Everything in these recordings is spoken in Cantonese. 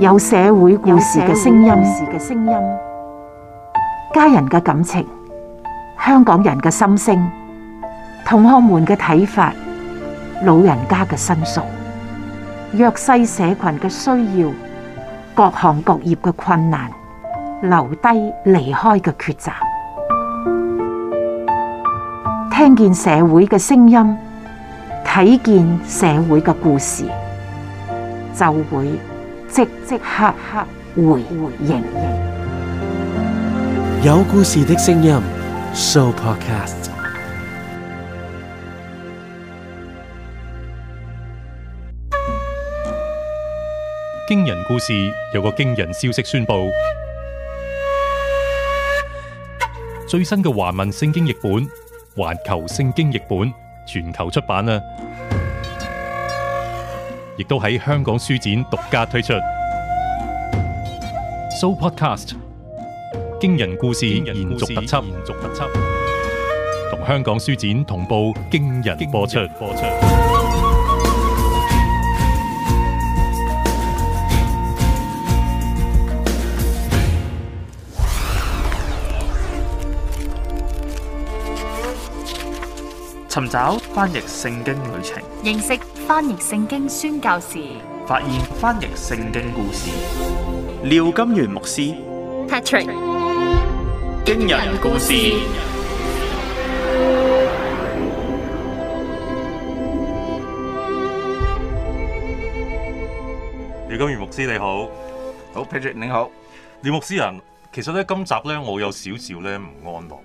有社會故事嘅聲音，家人嘅感情，香港人嘅心聲，同學們嘅睇法，老人家嘅申訴，弱勢社群嘅需要，各行各業嘅困難，留低離開嘅抉擇，聽見社會嘅聲音，睇見社會嘅故事，就會。即即刻刻回回應，有故事的聲音，So Podcast。驚人故事，有個驚人消息宣布，最新嘅華文聖經譯本《環球聖經譯本》全球出版啊。亦都喺香港書展獨家推出，So Podcast 驚人故事延續特輯，同香港書展同步驚人播出。尋找翻譯聖經旅程，認識翻譯聖經宣教士，發現翻譯聖經故事。廖金元牧師 Patrick，驚人故事。廖金元牧師你好，好 Patrick 你好。廖牧師啊，其實咧今集咧我有少少咧唔安樂，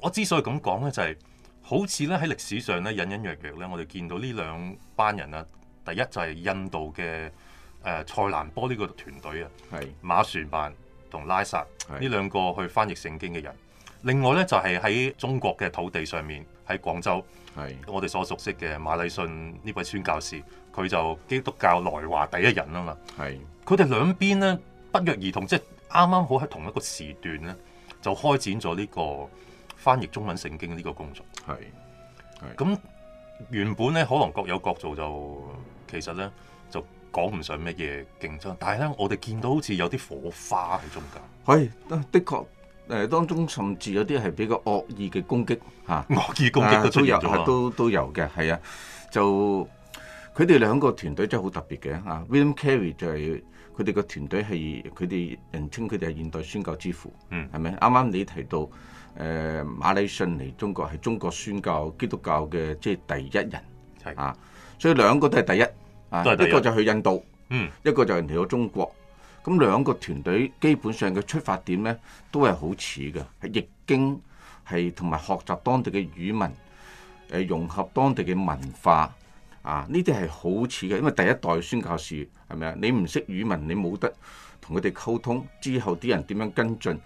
我之所以咁講咧就係、是。好似咧喺歷史上咧隱隱約約咧，我哋見到呢兩班人啊，第一就係印度嘅誒、呃、塞蘭波呢個團隊啊，係是馬船曼同拉薩呢兩個去翻譯聖經嘅人。另外咧就係、是、喺中國嘅土地上面喺廣州，係是我哋所熟悉嘅馬禮遜呢位宣教士，佢就基督教來華第一人啊嘛。係佢哋兩邊咧不約而同，即係啱啱好喺同一個時段咧，就開展咗呢、這個。翻譯中文聖經呢個工作係係咁原本咧，可能各有各做就，就其實咧就講唔上乜嘢競爭。但係咧，我哋見到好似有啲火花喺中間，係的確誒當中，甚至有啲係比較惡意嘅攻擊吓，惡意攻擊都都有，都都有嘅係啊。就佢哋兩個團隊真係好特別嘅啊。William Carey 就係佢哋個團隊係，佢哋人稱佢哋係現代宣教之父，嗯，係咪啱啱你提到？誒馬禮遜嚟中國係中國宣教基督教嘅即係第一人，的啊，所以兩個都係第一，啊、第一,一個就去印度，嗯，一個就嚟到中國。咁兩個團隊基本上嘅出發點呢，都係好似嘅，係譯經，係同埋學習當地嘅語文、啊，融合當地嘅文化，啊，呢啲係好似嘅，因為第一代宣教士，係咪啊？你唔識語文，你冇得同佢哋溝通，之後啲人點樣跟進？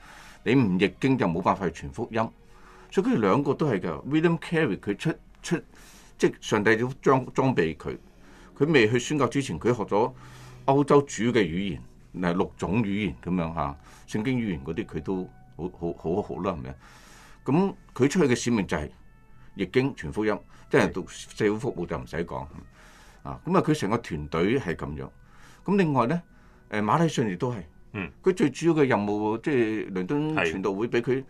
你唔譯經就冇辦法去傳福音，所以佢哋兩個都係嘅。William Carey 佢出出即係上帝要裝裝備佢，佢未去宣教之前，佢學咗歐洲主嘅語言，嗱六種語言咁樣嚇、啊，聖經語言嗰啲佢都好好好好啦，係咪？咁佢出去嘅使命就係譯經、傳福音，即係讀社會服務就唔使講啊。咁啊，佢成個團隊係咁樣。咁另外咧，誒馬禮遜亦都係。佢、嗯、最主要嘅任務即係、就是、倫敦傳道會俾佢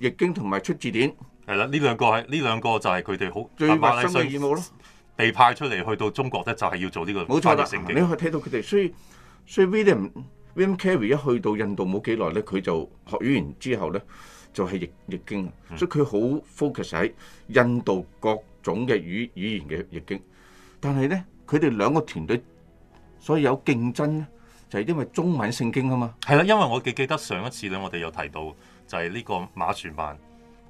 譯經同埋出字典。係啦，呢兩個係呢兩個就係佢哋好最核心嘅任務咯。務被派出嚟去到中國咧，就係要做呢個。冇錯啦，你去睇到佢哋，所以所以 William, William w i a m Carey 一去到印度冇幾耐咧，佢就學語言之後咧，就係譯譯經，嗯、所以佢好 focus 喺印度各種嘅語語言嘅譯經。但係咧，佢哋兩個團隊所以有競爭咧。就係因為中文聖經啊嘛，係啦，因為我記記得上一次咧，我哋有提到就係呢個馬船班，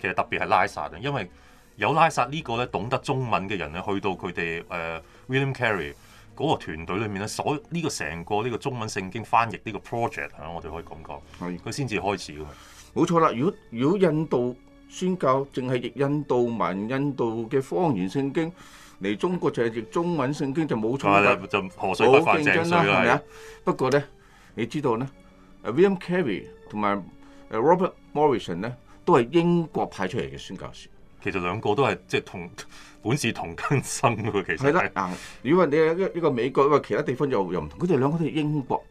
其實特別係拉薩嘅，因為有拉薩呢個咧懂得中文嘅人咧，去到佢哋誒 William Carey 嗰個團隊裏面咧，所呢個成個呢個中文聖經翻譯呢個 project 啊，我哋可以咁講，佢先至開始㗎嘛，冇錯啦，如果如果印度宣教，淨係譯印度文、印度嘅方言聖經。嚟中國就係譯中文聖經就冇錯啦，就河水不犯井水係咪啊？不過咧，你知道咧，誒 William Carey 同埋誒 Robert Morrison 咧，都係英國派出嚟嘅宣教士。其實兩個都係即係同本是同根生其實係啦。如果、啊、你一一、這個美國，因為其他地方又又唔同。佢哋兩個都係英國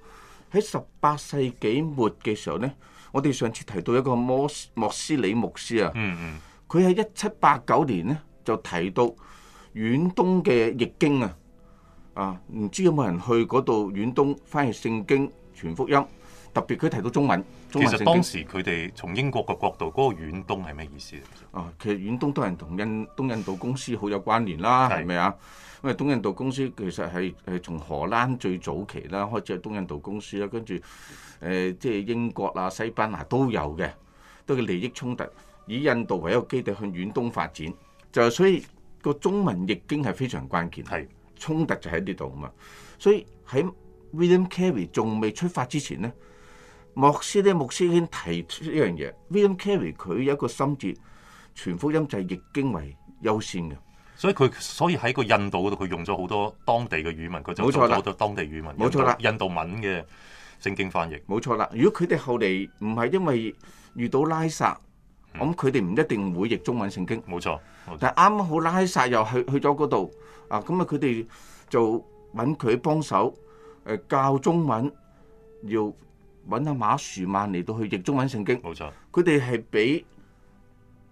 喺十八世紀末嘅時候咧，我哋上次提到一個摩摩斯里牧師啊，嗯嗯，佢喺一七八九年咧就提到。遠東嘅易經啊，啊唔知有冇人去嗰度遠東翻譯聖經傳福音，特別佢提到中文。中文聖經其實當時佢哋從英國嘅角度，嗰個遠東係咩意思？啊，其實遠東都係同印東印度公司好有關聯啦，係咪啊？因為東印度公司其實係係從荷蘭最早期啦，開始係東印度公司啦，跟住誒、呃、即係英國啊、西班牙都有嘅，都嘅利益衝突，以印度為一個基地向遠東發展，就所以。個中文譯經係非常關鍵，係是衝突就喺呢度啊嘛，所以喺 William Carey 仲未出發之前咧，莫斯呢，莫斯已經提出一樣嘢，William Carey 佢有一個心志，全福音就係譯經為優先嘅，所以佢所以喺個印度嗰度佢用咗好多當地嘅語文，佢就用咗當地語文，冇錯啦，印度文嘅聖經翻譯，冇錯啦。如果佢哋後嚟唔係因為遇到拉撒。咁佢哋唔一定會譯中文聖經，冇錯。錯但係啱好拉薩又去去咗嗰度，啊，咁啊佢哋就揾佢幫手，誒、呃、教中文，要揾阿馬舒曼嚟到去譯中文聖經，冇錯。佢哋係俾。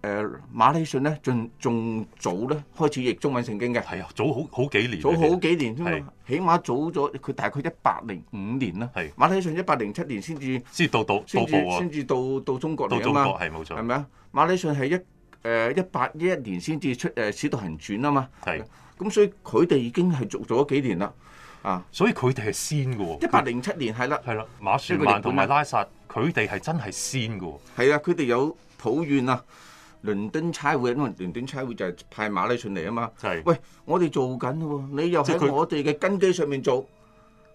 誒馬禮遜咧，仲仲早咧開始譯中文聖經嘅，係啊，早好好幾年，早好幾年啫嘛，起碼早咗佢大概一百零五年啦。係馬禮遜一百零七年先至先到到到到中國嚟啊嘛，係冇錯，係咪啊？馬禮遜係一誒一八一一年先至出誒《使徒行傳》啊嘛，係咁，所以佢哋已經係早咗幾年啦，啊，所以佢哋係先嘅喎，一百零七年係啦，係啦，馬士曼同埋拉撒，佢哋係真係先嘅喎，係啊，佢哋有抱怨啊。倫敦差會啊嘛，因為倫敦差會就係派馬禮遜嚟啊嘛。係是，喂，我哋做緊喎，啊，你又喺他我哋嘅根基上面做。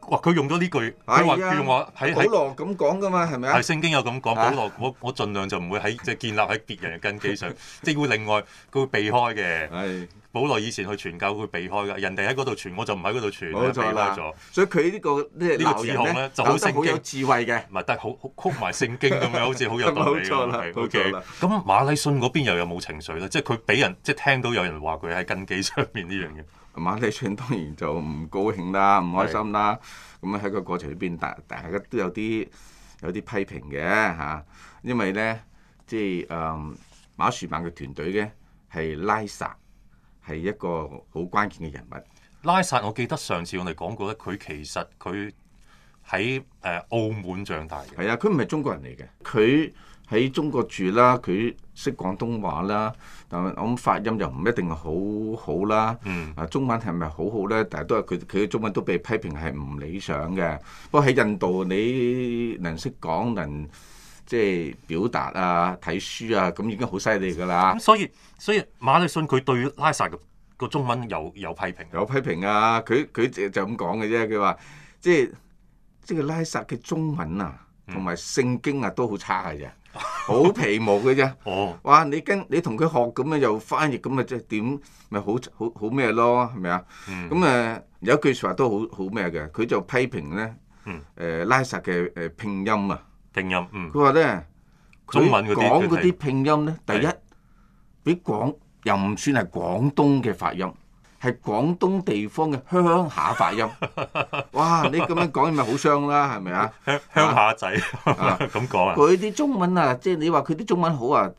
哇，佢用咗呢句，佢話叫我喺喺。保羅咁講㗎嘛，係咪啊？係聖經有咁講，保、啊、羅我我盡量就唔會喺即係建立喺別人嘅根基上， 即係會另外佢會避開嘅。係。保羅以前去傳教，佢避開㗎。人哋喺嗰度傳，我就唔喺嗰度傳，避開咗。所以佢呢個呢個指控咧，就好聖好有智慧嘅。唔係得好曲埋聖經咁樣，好似好有道理。冇錯啦，OK。咁馬禮遜嗰邊又有冇情緒咧？即係佢俾人即係聽到有人話佢喺根基上面呢樣嘢。馬禮遜當然就唔高興啦，唔、嗯、開心啦。咁喺是個過程裏邊，大大家都有啲有啲批評嘅嚇，因為咧即係誒馬樹曼嘅團隊咧係拉撒。係一個好關鍵嘅人物。拉薩，我記得上次我哋講過咧，佢其實佢喺誒澳門長大嘅。係啊，佢唔係中國人嚟嘅。佢喺中國住啦，佢識廣東話啦，但係我諗發音又唔一定好好啦。啊、嗯，中文係咪好好咧？但係都係佢，佢嘅中文都被批評係唔理想嘅。不過喺印度，你能識講能。即係表達啊，睇書啊，咁已經好犀利㗎喇。咁所以所以馬禮遜佢對拉薩嘅個中文有有批評。有批評啊，佢佢就就咁講嘅啫。佢話即係即係拉薩嘅中文啊，同埋聖經啊都好差嘅啫，好皮毛嘅啫。哦，哇！你跟你同佢學咁樣又翻譯咁啊，即係點咪好好好咩咯？係咪啊？咁誒有一句説話都好好咩嘅？佢就批評咧，誒拉薩嘅誒拼音啊。拼音，嗯，佢話咧，佢講嗰啲拼音咧，是第一，俾廣又唔算係廣東嘅發音，係廣東地方嘅鄉下發音。 哇！你咁樣講，咪好傷啦，係咪啊？鄉鄉下仔咁講啊！佢啲、 啊啊、中文啊，即係你話佢啲中文好啊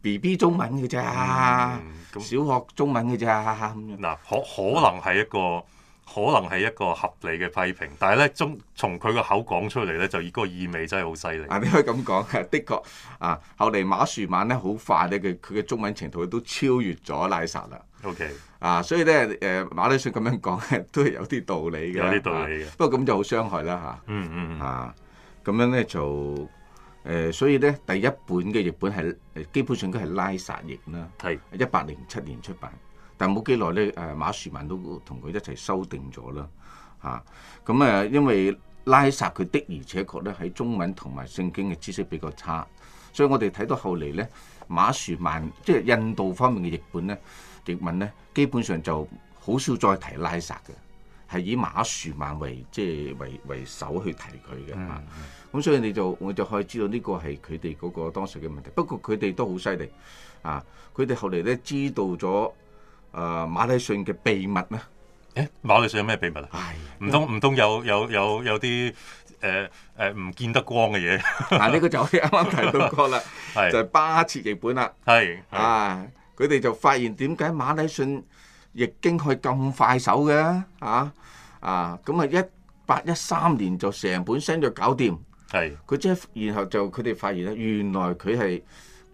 ，B B 中文嘅咋，嗯嗯、小學中文嘅咋嗱，可、嗯、那可能係一個。可能係一個合理嘅批評，但係咧，中從佢個口講出嚟咧，就以嗰個意味真係好犀利。啊，你可以咁講嘅，的確啊，後嚟馬樹曼咧好快咧，佢佢嘅中文程度都超越咗拉薩啦。OK，啊，所以咧誒、呃，馬禮遜咁樣講咧都係有啲道理嘅，有啲道理嘅、啊。不過咁就好傷害啦嚇。啊、嗯嗯，嗯啊，咁樣咧就誒，所以咧第一本嘅譯本係基本上都係拉薩譯啦，係一八零七年出版。但係冇幾耐咧，誒、啊、馬殊曼都同佢一齊修訂咗啦，嚇，咁誒，因為拉薩佢的而且確咧喺中文同埋聖經嘅知識比較差，所以我哋睇到後嚟咧馬殊曼，即係印度方面嘅譯本咧，譯文咧基本上就好少再提拉薩嘅，係以馬殊曼為即係為為首去提佢嘅，咁、啊嗯嗯、所以你就我就可以知道呢個係佢哋嗰個當時嘅問題。不過佢哋都好犀利，啊！佢哋後嚟咧知道咗。誒、呃、馬禮遜嘅秘密咩？誒馬禮遜有咩秘密啊？唔通唔通有、啊、唉道有有有啲誒誒唔見得光嘅嘢？嗱，呢個就啱啱提到過啦，是就係巴切譯本啦，係啊，佢哋就發現點解馬禮遜譯經佢咁快手嘅啊，啊咁啊，一八一三年就成本聲是就搞掂係佢即係，然後就佢哋發現咧，原來佢係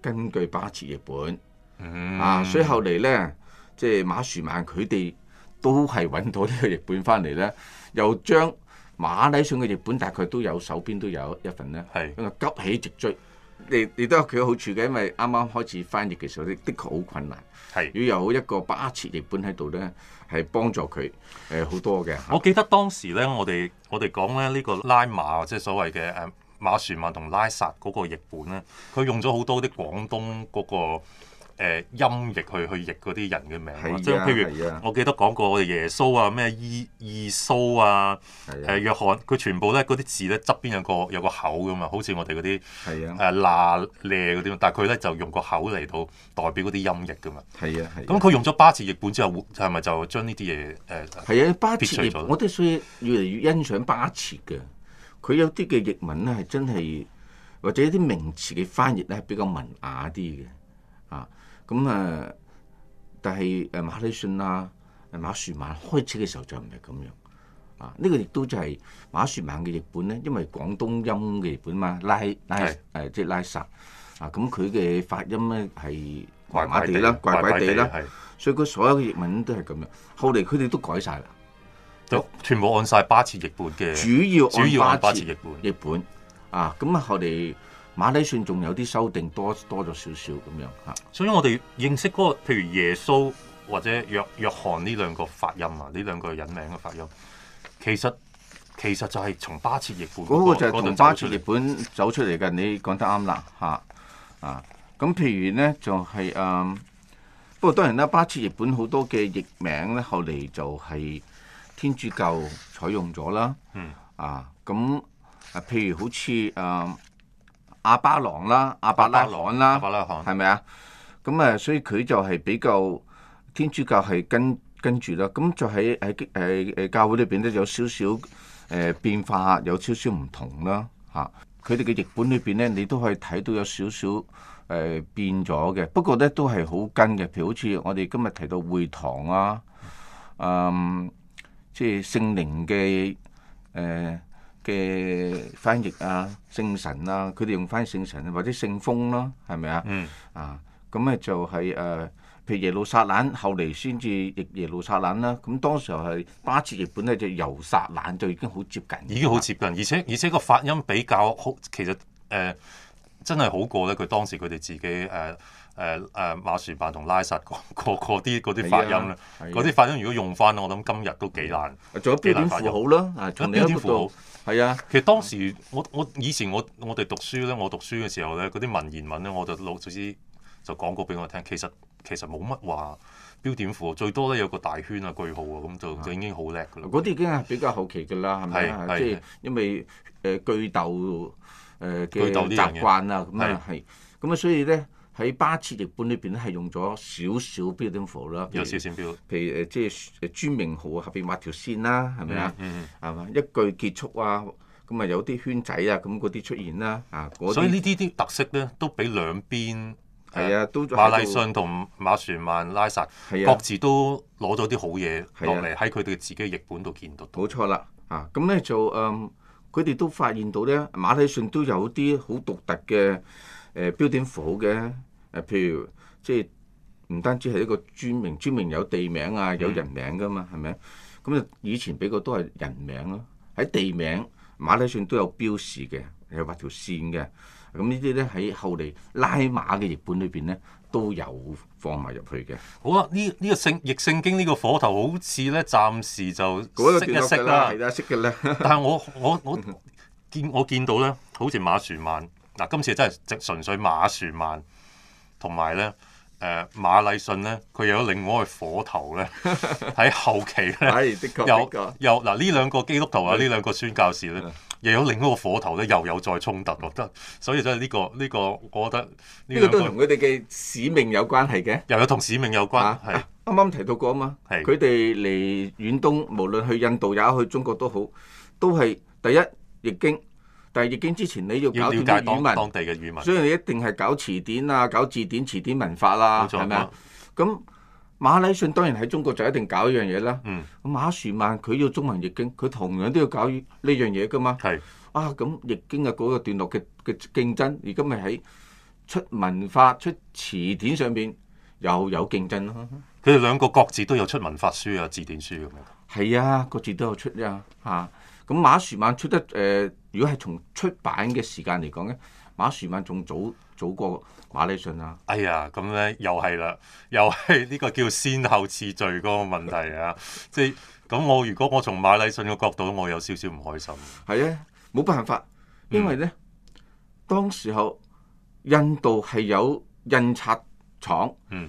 根據巴切譯本、嗯、啊，所以後嚟咧。啊即係馬殊曼佢哋都係揾到個日呢個譯本翻嚟咧，又將馬禮遜嘅譯本大概都有手邊都有一份咧。係是，咁啊急起直追，亦亦都有佢嘅好處嘅，因為啱啱開始翻譯嘅時候，的的確好困難。係是，如果有一個巴切譯本喺度咧，係幫助佢誒好多嘅。我記得當時咧，我哋我哋講咧呢、這個拉馬即係所謂嘅誒馬殊曼同拉薩嗰個譯本咧，佢用咗好多啲廣東嗰、那個。誒音譯去去譯嗰啲人嘅名，即係譬如，我記得講過我哋耶穌啊，咩伊伊蘇啊，誒約翰，佢全部咧嗰啲字咧側邊有個有個口噶嘛，好似我哋嗰啲誒嗱咧嗰啲嘛，但係佢咧就用個口嚟到代表嗰啲音譯噶嘛。係啊，係。咁佢用咗巴切譯本之後，係咪就將呢啲嘢誒？係啊，巴切譯，我哋所以越嚟越欣賞巴切嘅，佢有啲嘅譯文咧係真係，或者啲名詞嘅翻譯咧係比較文雅啲嘅啊。咁啊、嗯！但係誒馬利信啊、馬樹文開始嘅時候就唔係咁樣啊！呢、這個亦都就係馬樹文嘅譯本咧，因為廣東音嘅譯本嘛，拉拉誒即係拉薩啊！咁佢嘅發音咧係麻麻地啦，怪怪地啦，所以佢所有嘅譯文都係咁樣。後嚟佢哋都改晒啦，都全部按晒巴切譯本嘅主要主要按巴切譯本譯本啊！咁、嗯、啊後嚟。馬禮遜仲有啲修訂，多多咗少少咁樣嚇。啊、所以我哋認識嗰、那個，譬如耶穌或者約約翰呢兩個發音啊，呢兩個人名嘅發音，其實其實就係從巴切譯本嗰個。就係從巴切譯本走出嚟嘅，你講得啱啦嚇啊！咁、啊、譬如咧就係、是、誒、啊，不過當然啦，巴切譯本好多嘅譯名咧，後嚟就係天主教採用咗啦。啊，咁、嗯、啊、啊，譬如好似誒。啊阿巴郎啦，阿伯拉朗啦，伯拉，係咪啊？咁啊，所以佢就係比較天主教係跟跟住啦。咁就喺喺誒誒教會裏邊咧，有少少誒變化，有少少唔同啦嚇。佢哋嘅譯本裏邊咧，你都可以睇到有少少誒變咗嘅。不過咧，都係好跟嘅。譬如好似我哋今日提到會堂啊，嗯，即係聖靈嘅誒。呃嘅翻譯啊，聖神啊，佢哋用翻聖神或者聖風咯，係咪啊？嗯。啊，咁咪就係、是、誒、呃，譬如耶路撒冷，後嚟先至譯耶路撒冷啦、啊。咁、嗯、當時候係巴切譯本咧，就猶、是、撒冷就已經好接近，已經好接近，而且而且個發音比較好，其實誒、呃、真係好過咧。佢當時佢哋自己誒誒誒馬船辦同拉撒個個啲嗰啲發音咧，嗰啲、啊啊、發音如果用翻，我諗今日都幾難，仲有標點符號啦，同標點符號。係啊，其實當時我我以前我我哋讀書咧，我讀書嘅時候咧，嗰啲文言文咧，我就老師就，就講過俾我聽，其實其實冇乜話標點符號，最多咧有個大圈啊，句號啊，咁就就已經好叻㗎啦。嗰啲的已經係比較好奇㗎啦，係咪啊？即係因為誒句逗誒嘅習慣啊，咁啊係，咁啊的所以咧。喺巴切譯本裏邊咧，係用咗少少標點符啦。有少少標，譬如誒，即係誒專名號下邊畫條線啦，係咪啊？嗯係嘛，一句結束啊，咁啊有啲圈仔啊，咁嗰啲出現啦。啊，所以呢啲啲特色咧，都俾兩邊係啊，都馬拉遜同馬船曼拉薩各自都攞咗啲好嘢落嚟喺佢哋自己嘅譯本度見到。冇錯啦。啊，咁咧就誒，佢哋都發現到咧，馬拉遜都有啲好獨特嘅誒標點符嘅。誒，譬如即係唔單止係一個專名，專名有地名啊，有人名噶嘛，係咪？咁、嗯、啊、嗯，以前俾個都係人名咯。喺地名馬拉松都有標示嘅，有畫條線嘅。咁、嗯、呢啲咧喺後嚟拉馬嘅譯本裏邊咧都有放埋入去嘅。好啊，呢呢、這個聖譯聖經呢、這個火頭好似咧，暫時就識一識啦。係啦，識嘅啦。但係我我 我見我見到咧，好似馬船萬嗱、啊，今次真係淨純粹馬船萬。同埋咧，誒馬禮信咧，佢又有另外火頭咧，喺 後期咧，又又嗱呢兩個基督徒啊，呢兩個宣教士咧，又有另一個火頭咧，又有再衝突咯，得，所以真係呢個呢、這個，我覺得呢個，個都同佢哋嘅使命有關係嘅，又有同使命有關，係啱啱提到過啊嘛，係佢哋嚟遠東，無論去印度也去中國都好，都係第一譯經。但係《易經》之前你要搞啲語文，當地嘅語文，所以你一定係搞詞典啊，搞字典、詞典文化啦，係咪啊？咁馬禮遜當然喺中國就一定搞一樣嘢啦。嗯，馬殊曼佢要中文《易經》，佢同樣都要搞呢樣嘢噶嘛。係是啊，咁《易經》嘅嗰個段落嘅嘅競爭，而今咪喺出文化、出詞典上邊又有競爭咯。佢哋兩個各自都有出文化書啊、字典書咁樣。係啊，各自都有出啊，嚇、啊。咁馬樹曼出得誒、呃，如果係從出版嘅時間嚟講咧，馬樹曼仲早早過馬禮遜啊。哎呀，咁咧又係啦，又係呢個叫先後次序嗰個問題啊！ 即係咁，我如果我從馬禮遜嘅角度，我有少少唔開心。係啊，冇辦法，因為咧，嗯、當時候印度係有印刷廠。嗯。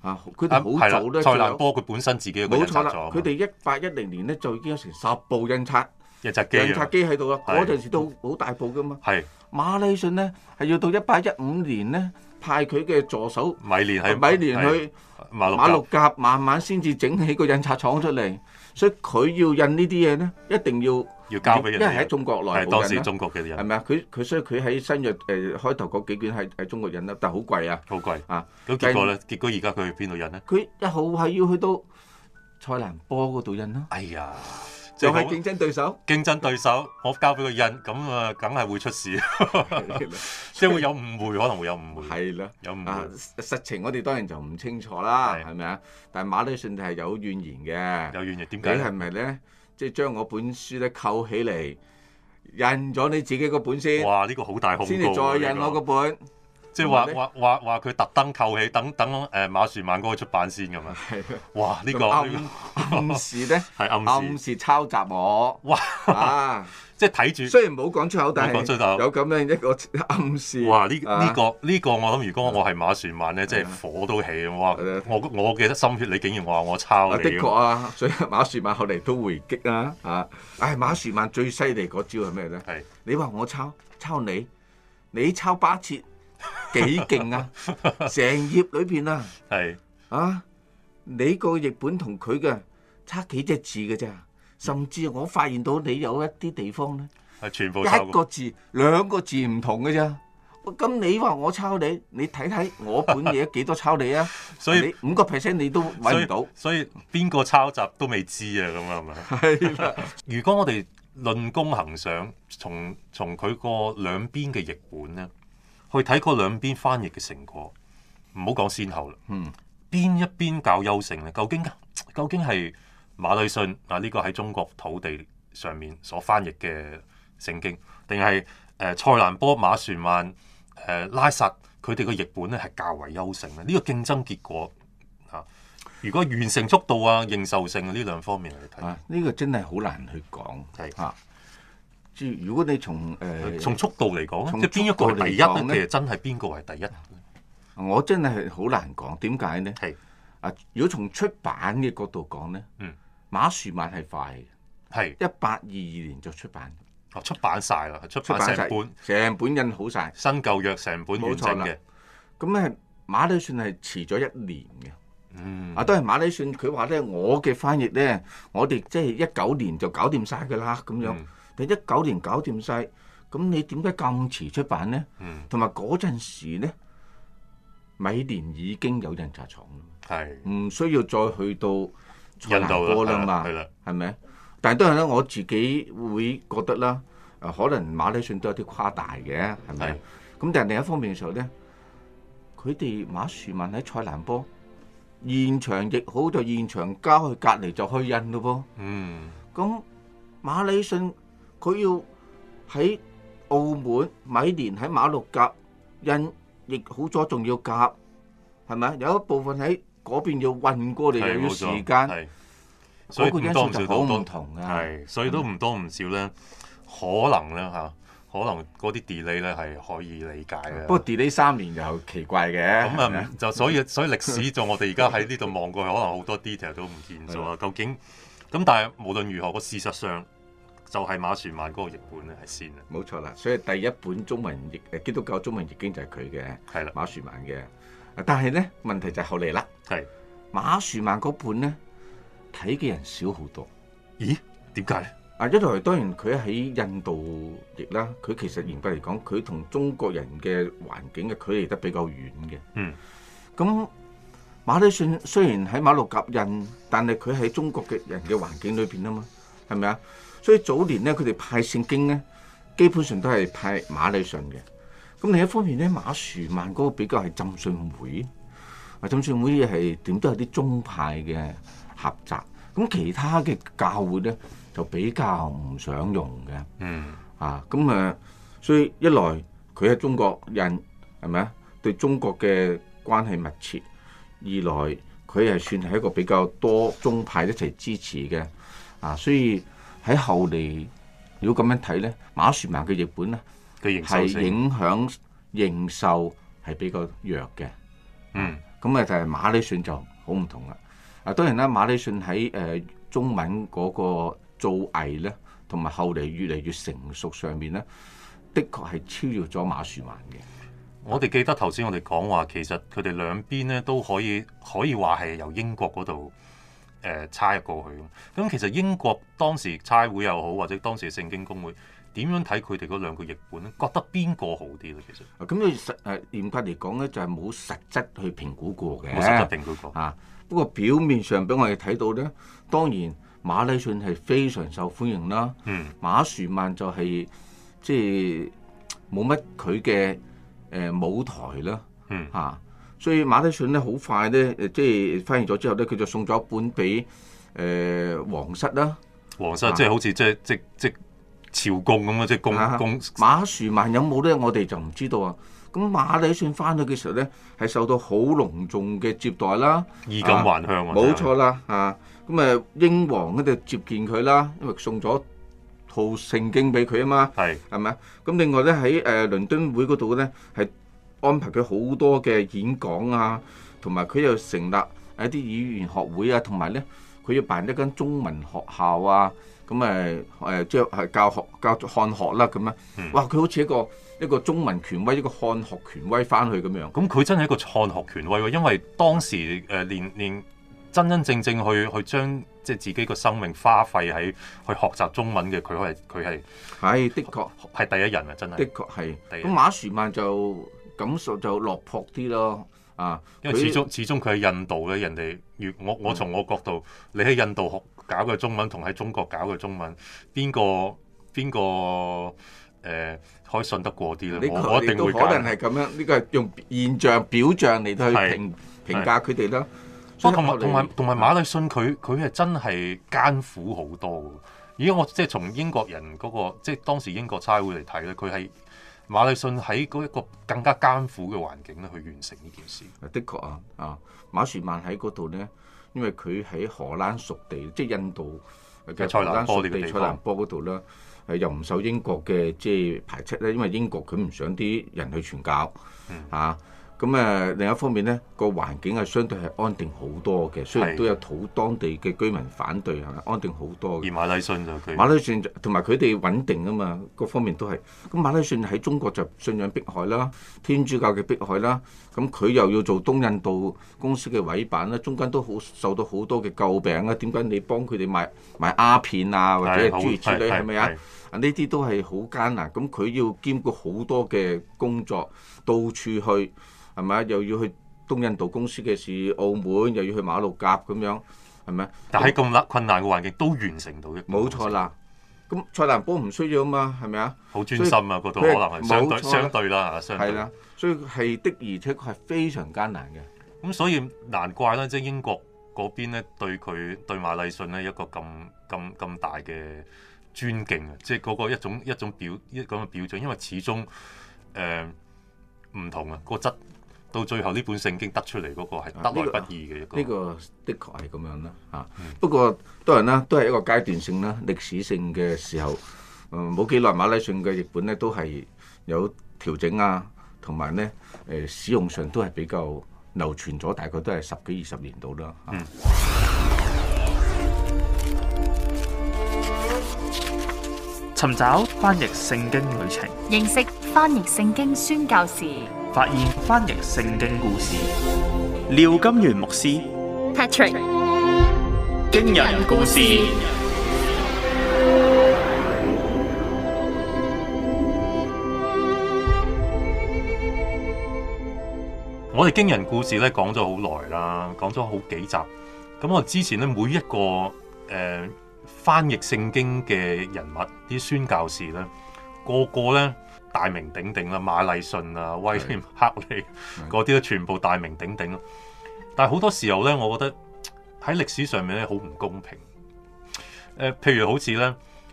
啊，佢哋好早咧、啊，塞蘭坡佢本身自己嘅印刷廠。冇錯啦，佢哋一八一零年咧，就已經有成十部印刷。印刷機，印刷機喺度啊！嗰陣時都好大部噶嘛。係馬禮遜咧，係要到一八一五年咧，派佢嘅助手米連去米連去馬馬六甲，慢慢先至整起個印刷廠出嚟。所以佢要印呢啲嘢咧，一定要要交俾人，因為喺中國內印啦。係當時中國嘅印，係咪啊？佢佢所以佢喺新約誒開頭嗰幾卷係喺中國印啦，但係好貴啊，好貴啊！咁結果咧，結果而家佢去邊度印咧？佢一號係要去到塞蘭波嗰度印啦。哎呀！就係競爭對手， 競爭對手，我交俾佢印，咁啊，梗係會出事，即係會有誤會，可能會有誤會，係啦的，有誤會。啊、實情我哋當然就唔清楚啦，係咪啊？但馬德順係有怨言嘅，有怨言。點解？你係咪咧？即係將我本書咧扣起嚟印咗你自己個本先？哇！呢、呢個好大恐先至再印在我個本。即係話話話話佢特登扣起，等等誒馬樹萬嗰個出版先咁樣！係哇！呢個暗暗示咧，係暗示？暗示抄襲我。哇！即係睇住，雖然唔好講出口，但係講出口有咁樣一個暗示。哇！呢呢個呢個，我諗如果我係馬樹萬咧，即係火都起，我我記得心血，你竟然話我抄。的確啊，所以馬樹萬後嚟都回擊啦啊！唉，馬樹萬最犀利嗰招係咩咧？係你話我抄抄你，你抄八切？幾勁啊！成頁裏邊啊，係是啊，你個譯本同佢嘅差幾隻字嘅咋？甚至我發現到你有一啲地方咧，係全部一個字、兩個字唔同嘅啫。咁、啊、你話我抄你，你睇睇我本嘢幾多抄你啊？ 所以你五個 percent 你都搵唔到所，所以邊個抄襲都未知啊？咁啊嘛，係啊吧。 如果我哋論功行賞，從從佢個兩邊嘅譯本咧。去睇嗰兩邊翻譯嘅成果，唔好講先後啦。嗯，邊一邊較優勝咧？究竟究竟係馬禮遜啊？呢、這個喺中國土地上面所翻譯嘅聖經，定係誒蔡瀾波、馬船曼、誒、呃、拉薩佢哋嘅譯本咧，係較為優勝咧？呢、這個競爭結果啊，如果完成速度啊、認受性呢、啊、兩方面嚟睇，呢、啊這個真係好難去講。係是啊。如果你從誒從速度嚟講，即係邊一個係第一？其實真係邊個係第一？我真係好難講，點解咧？係啊！如果從出版嘅角度講咧，嗯，馬殊曼係快嘅，一八二二年就出版，哦，出版晒啦，出版成本，成本印好晒，新舊約成本完整嘅。咁咧，馬禮遜係遲咗一年嘅，啊，都係馬禮遜，佢話咧，我嘅翻譯咧，我哋即係一九年就搞掂晒㗎啦，咁樣。第一九年搞掂晒，咁你點解咁遲出版呢？同埋嗰陣時咧，米憐已經有人印刷廠咯，係唔是需要再去到印度波啦嘛，係咪、啊啊？但係都係咧，我自己會覺得啦，啊、可能馬禮遜都有啲誇大嘅，係咪？咁是、嗯、但係另一方面嘅時候呢，佢哋馬樹文喺塞蘭坡現場亦好，就現場交去隔離就開印咯噃。嗯，咁馬禮遜。佢要喺澳門、米年喺馬六甲、印亦好咗，仲要夾，係咪？有一部分喺嗰邊要運過嚟，又是要時間，所以佢哋都唔同嘅。係，所以都唔多唔少咧，可能咧嚇，可能嗰啲 delay 咧係可以理解嘅。不過 delay 三年又奇怪嘅，咁啊那、 嗯、就所以所以歷史就我哋而家喺呢度望過去， 可能好多 detail 都唔見咗。 究竟咁？但係無論如何，個事實上。就係馬樹曼嗰個譯本咧，係先啦，冇錯啦。所以第一本中文譯誒基督教中文譯經就係佢嘅，係啦的馬樹曼嘅。但係咧問題就係後嚟啦，係的馬樹曼嗰本咧，睇嘅人少好多。咦？點解咧？啊，因為當然佢喺印度譯啦，佢其實嚴格嚟講，佢同中國人嘅環境嘅距離得比較遠嘅。嗯，咁馬禮遜雖然喺馬六甲印，但係佢喺中國嘅人嘅環境裏邊啊嘛，係咪啊？所以早年咧，佢哋派聖經咧，基本上都係派馬禮遜嘅。咁另一方面咧，馬殊曼嗰個比較係浸信會，啊浸信會嘢係點都有啲宗派嘅合集。咁其他嘅教會咧就比較唔想用嘅。嗯。啊，咁啊，所以一來佢係中國人，係咪啊？對中國嘅關係密切。二來佢係算係一個比較多宗派一齊支持嘅。啊，所以。喺後嚟，如果咁樣睇咧，馬樹曼嘅譯本咧，佢係影響認受係比較弱嘅。嗯，咁啊、嗯、就係馬禮遜就好唔同啦。啊，當然啦，馬禮遜喺誒中文嗰個造詣咧，同埋後嚟越嚟越成熟上面咧，的確係超越咗馬樹曼嘅。我哋記得頭先我哋講話，其實佢哋兩邊咧都可以可以話係由英國嗰度。誒差一個去咁，咁、嗯、其實英國當時差會又好，或者當時嘅聖經公會點樣睇佢哋嗰兩個譯本咧？覺得邊個好啲咧？其實咁你、啊、實誒、啊、嚴格嚟講咧，就係、是、冇實質去評估過嘅，冇實質評估過嚇、啊。不過表面上俾我哋睇到咧，當然馬禮遜係非常受歡迎啦。嗯，馬士曼就係、是、即係冇乜佢嘅誒舞台啦。嗯，啊所以馬禮遜咧好快咧，即係翻譯咗之後咧，佢就送咗一本俾誒皇室啦。皇室，皇室即係好似即係即、啊、即朝貢咁啊，即係公。貢。馬殊曼有冇咧？我哋就唔知道啊。咁馬禮遜返去嘅時候咧，係受到好隆重嘅接待啦。衣錦還鄉啊！冇真是 錯啦，啊咁誒，英皇咧就接見佢啦，因為送咗套聖經俾佢啊嘛。係係咪啊？咁、嗯、另外咧喺誒倫敦會嗰度咧係。安排佢好多嘅演講啊，同埋佢又成立一啲語言學會啊，同埋咧佢要辦一間中文學校啊，咁誒誒即係教學教漢學啦咁啊，樣嗯、哇！佢好似一個一個中文權威，一個漢學權威翻去咁樣，咁佢、嗯、真係一個漢學權威喎，因為當時誒連連真真正正去去將即係自己個生命花費喺去學習中文嘅佢係佢係係的確係第一人啊，真係的，的確係咁馬樹曼就。的感受就落魄啲咯，啊，因為始終他始終佢喺印度嘅人哋。如我我從我角度，嗯、你喺印度學搞嘅中，中，中文，同喺中國搞嘅中文，邊個邊個誒可以信得過啲咧？我一定會教。可能係咁樣，呢、嗯、個係用現象表象嚟去評評價佢哋啦。同埋同埋同埋馬禮遜佢佢係真係艱苦好多嘅。如果我即係、就是、從英國人嗰、那個即係、就是、當時英國差會嚟睇咧，佢係。馬利信喺嗰一個更加艱苦嘅環境咧，去完成呢件事。的確啊，啊，馬樹曼喺嗰度咧，因為佢喺荷蘭屬地，即係印度嘅、啊、塞蘭坡嗰地方，塞蘭坡嗰度啦，誒、啊、又唔受英國嘅即係排斥咧，嗯、因為英國佢唔想啲人去傳教，嚇、啊。嗯咁誒、嗯，另一方面咧，個環境係相對係安定好多嘅，雖然都有土當地嘅居民反對，係咪安定好多嘅？而馬禮遜佢馬禮遜同埋佢哋穩定啊嘛，各方面都係。咁、嗯、馬禮遜喺中國就信仰迫害啦，天主教嘅迫害啦。咁、嗯、佢又要做東印度公司嘅委辦啦，中間都好受到好多嘅詬病啊！點解你幫佢哋賣賣鴉片啊，或者諸如此類係咪啊？啊，呢啲都係好艱難。咁、嗯、佢要兼顧好多嘅工作，到處去。係咪？又要去東印度公司嘅事，澳門又要去馬六甲咁樣，係咪？但喺咁難困難嘅環境都完成到嘅。冇錯啦。咁蔡蘭波唔需要啊嘛，係咪啊？好專心啊，嗰度以可能係相對相對,相對啦，相對。係啦，所以係的，而且確係非常艱難嘅。咁所以難怪啦，即係英國嗰邊咧對佢對馬禮遜咧一個咁咁咁大嘅尊敬啊，即係嗰個,個一種一種表一咁嘅表象，因為始終誒唔、嗯嗯、同啊個質。到最後呢本聖經得出嚟嗰個係得來不易嘅一個、這個，呢、這個的確係咁樣啦、啊、嚇。嗯、不過當然啦，都係一個階段性啦、啊、歷史性嘅時候。嗯，冇幾耐馬拉松嘅譯本咧都係有調整啊，同埋咧誒使用上都係比較流傳咗，大概都係十幾二十年度啦、啊。嗯。尋找翻譯聖經旅程，認識翻譯聖經宣教士。發現翻譯聖經故事，廖金元牧師 Patrick，驚人故事。我哋驚人故事咧講咗好耐啦，講咗好幾集。咁我之前咧每一個誒、呃、翻譯聖經嘅人物，啲宣教士咧，個個咧。大名鼎鼎啦，馬禮遜啊，威廉克利嗰啲都全部大名鼎鼎。但係好多時候咧，我覺得喺歷史上面咧好唔公平。誒、呃，譬如好似咧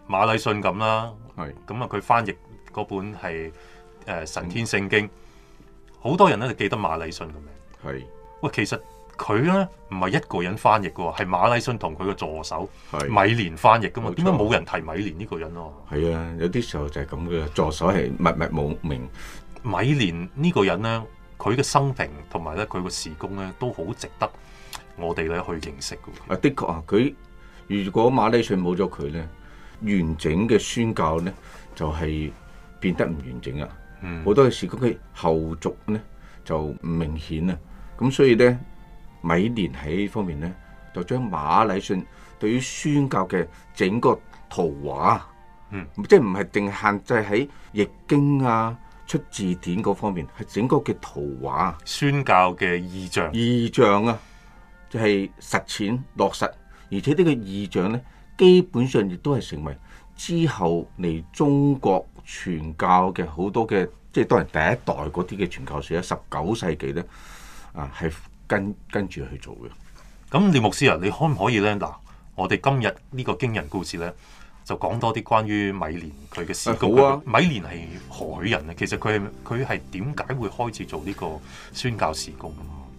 馬禮遜咁啦，係咁啊，佢翻譯嗰本係誒、呃、神天聖經，好多人咧就記得馬禮遜嘅名。係喂是，其實。佢咧唔係一個人翻譯嘅喎，係馬禮遜同佢嘅助手是米憐翻譯嘅嘛。點解冇人提米憐呢個人咯、啊？係啊，有啲時候就係咁嘅助手係默默無名。米憐呢個人咧，佢嘅生平同埋咧佢嘅事工咧都好值得我哋咧去認識嘅。啊，的確啊，佢如果馬禮遜冇咗佢咧，完整嘅宣教咧就係、是、變得唔完整啦。好、嗯、多嘅事工佢後續咧就唔明顯咧，咁所以咧。米連喺方面咧，就將馬禮遜對於宣教嘅整個圖畫，嗯，即係唔係定限、就係、在喺譯經啊、出字典嗰方面，係整個嘅圖畫。宣教嘅異象，異象啊，就係、係、實踐落實，而且個呢個異象咧，基本上亦都係成為之後嚟中國傳教嘅好多嘅，即係都係第一代嗰啲嘅傳教士啦。十九世紀咧，啊係。跟跟住去做嘅。咁，聶牧師啊，你可唔可以咧？嗱，我哋今日呢個驚人故事咧，就講多啲關於米蓮佢嘅事。好啊，米蓮係何許人啊？其實佢佢係點解會開始做呢個宣教事工？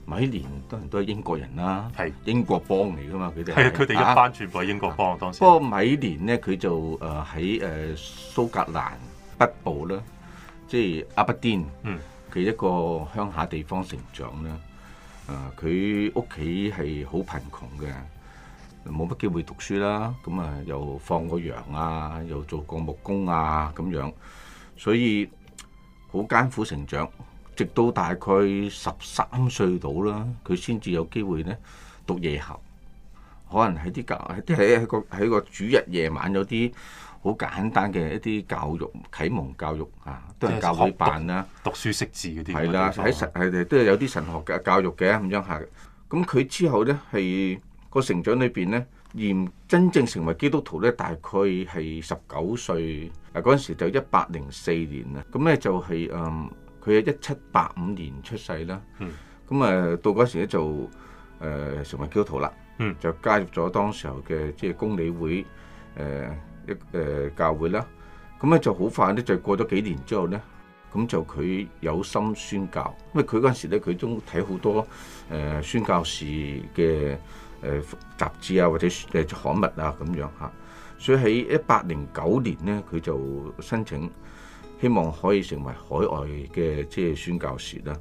米蓮當然都係英國人啦、啊，係對英國幫嚟噶嘛？佢哋係佢哋一班全部係英國幫、啊、當時不過、啊啊、米蓮咧，佢就誒喺誒蘇格蘭北部啦，即係阿不顛嗯嘅、嗯、一個鄉下地方成長咧。啊啊！佢屋企係好貧窮嘅，冇乜機會讀書啦。咁啊，又放過羊啊，又做過木工啊咁樣，所以好艱苦成長。直到大概十三歲到啦，佢先至有機會呢讀夜校，可能喺啲教，喺啲喺個喺個主日夜晚有啲。好簡單嘅一啲教育啟蒙教育啊，都係教會辦啦，讀，讀書識字嗰啲係啦，喺的神係誒都係有啲神學嘅教育嘅咁樣下，咁佢之後咧係、那個成長裏邊咧，而真正成為基督徒咧，大概係十九歲嗱嗰陣時就一八零四年啦。咁咧就係誒佢係一七八五年出世啦。咁啊到嗰時咧就誒、呃、成為基督徒啦。嗯。就加入咗當時候嘅即係公理會誒。呃一誒教會啦，咁咧就好快咧，就過咗幾年之後咧，咁就佢有心宣教，因為佢嗰陣時咧佢都睇好多誒宣教士嘅誒雜誌啊，或者誒刊物啊咁樣吓，所以喺一八零九年咧，佢就申請希望可以成為海外嘅即係宣教士啦，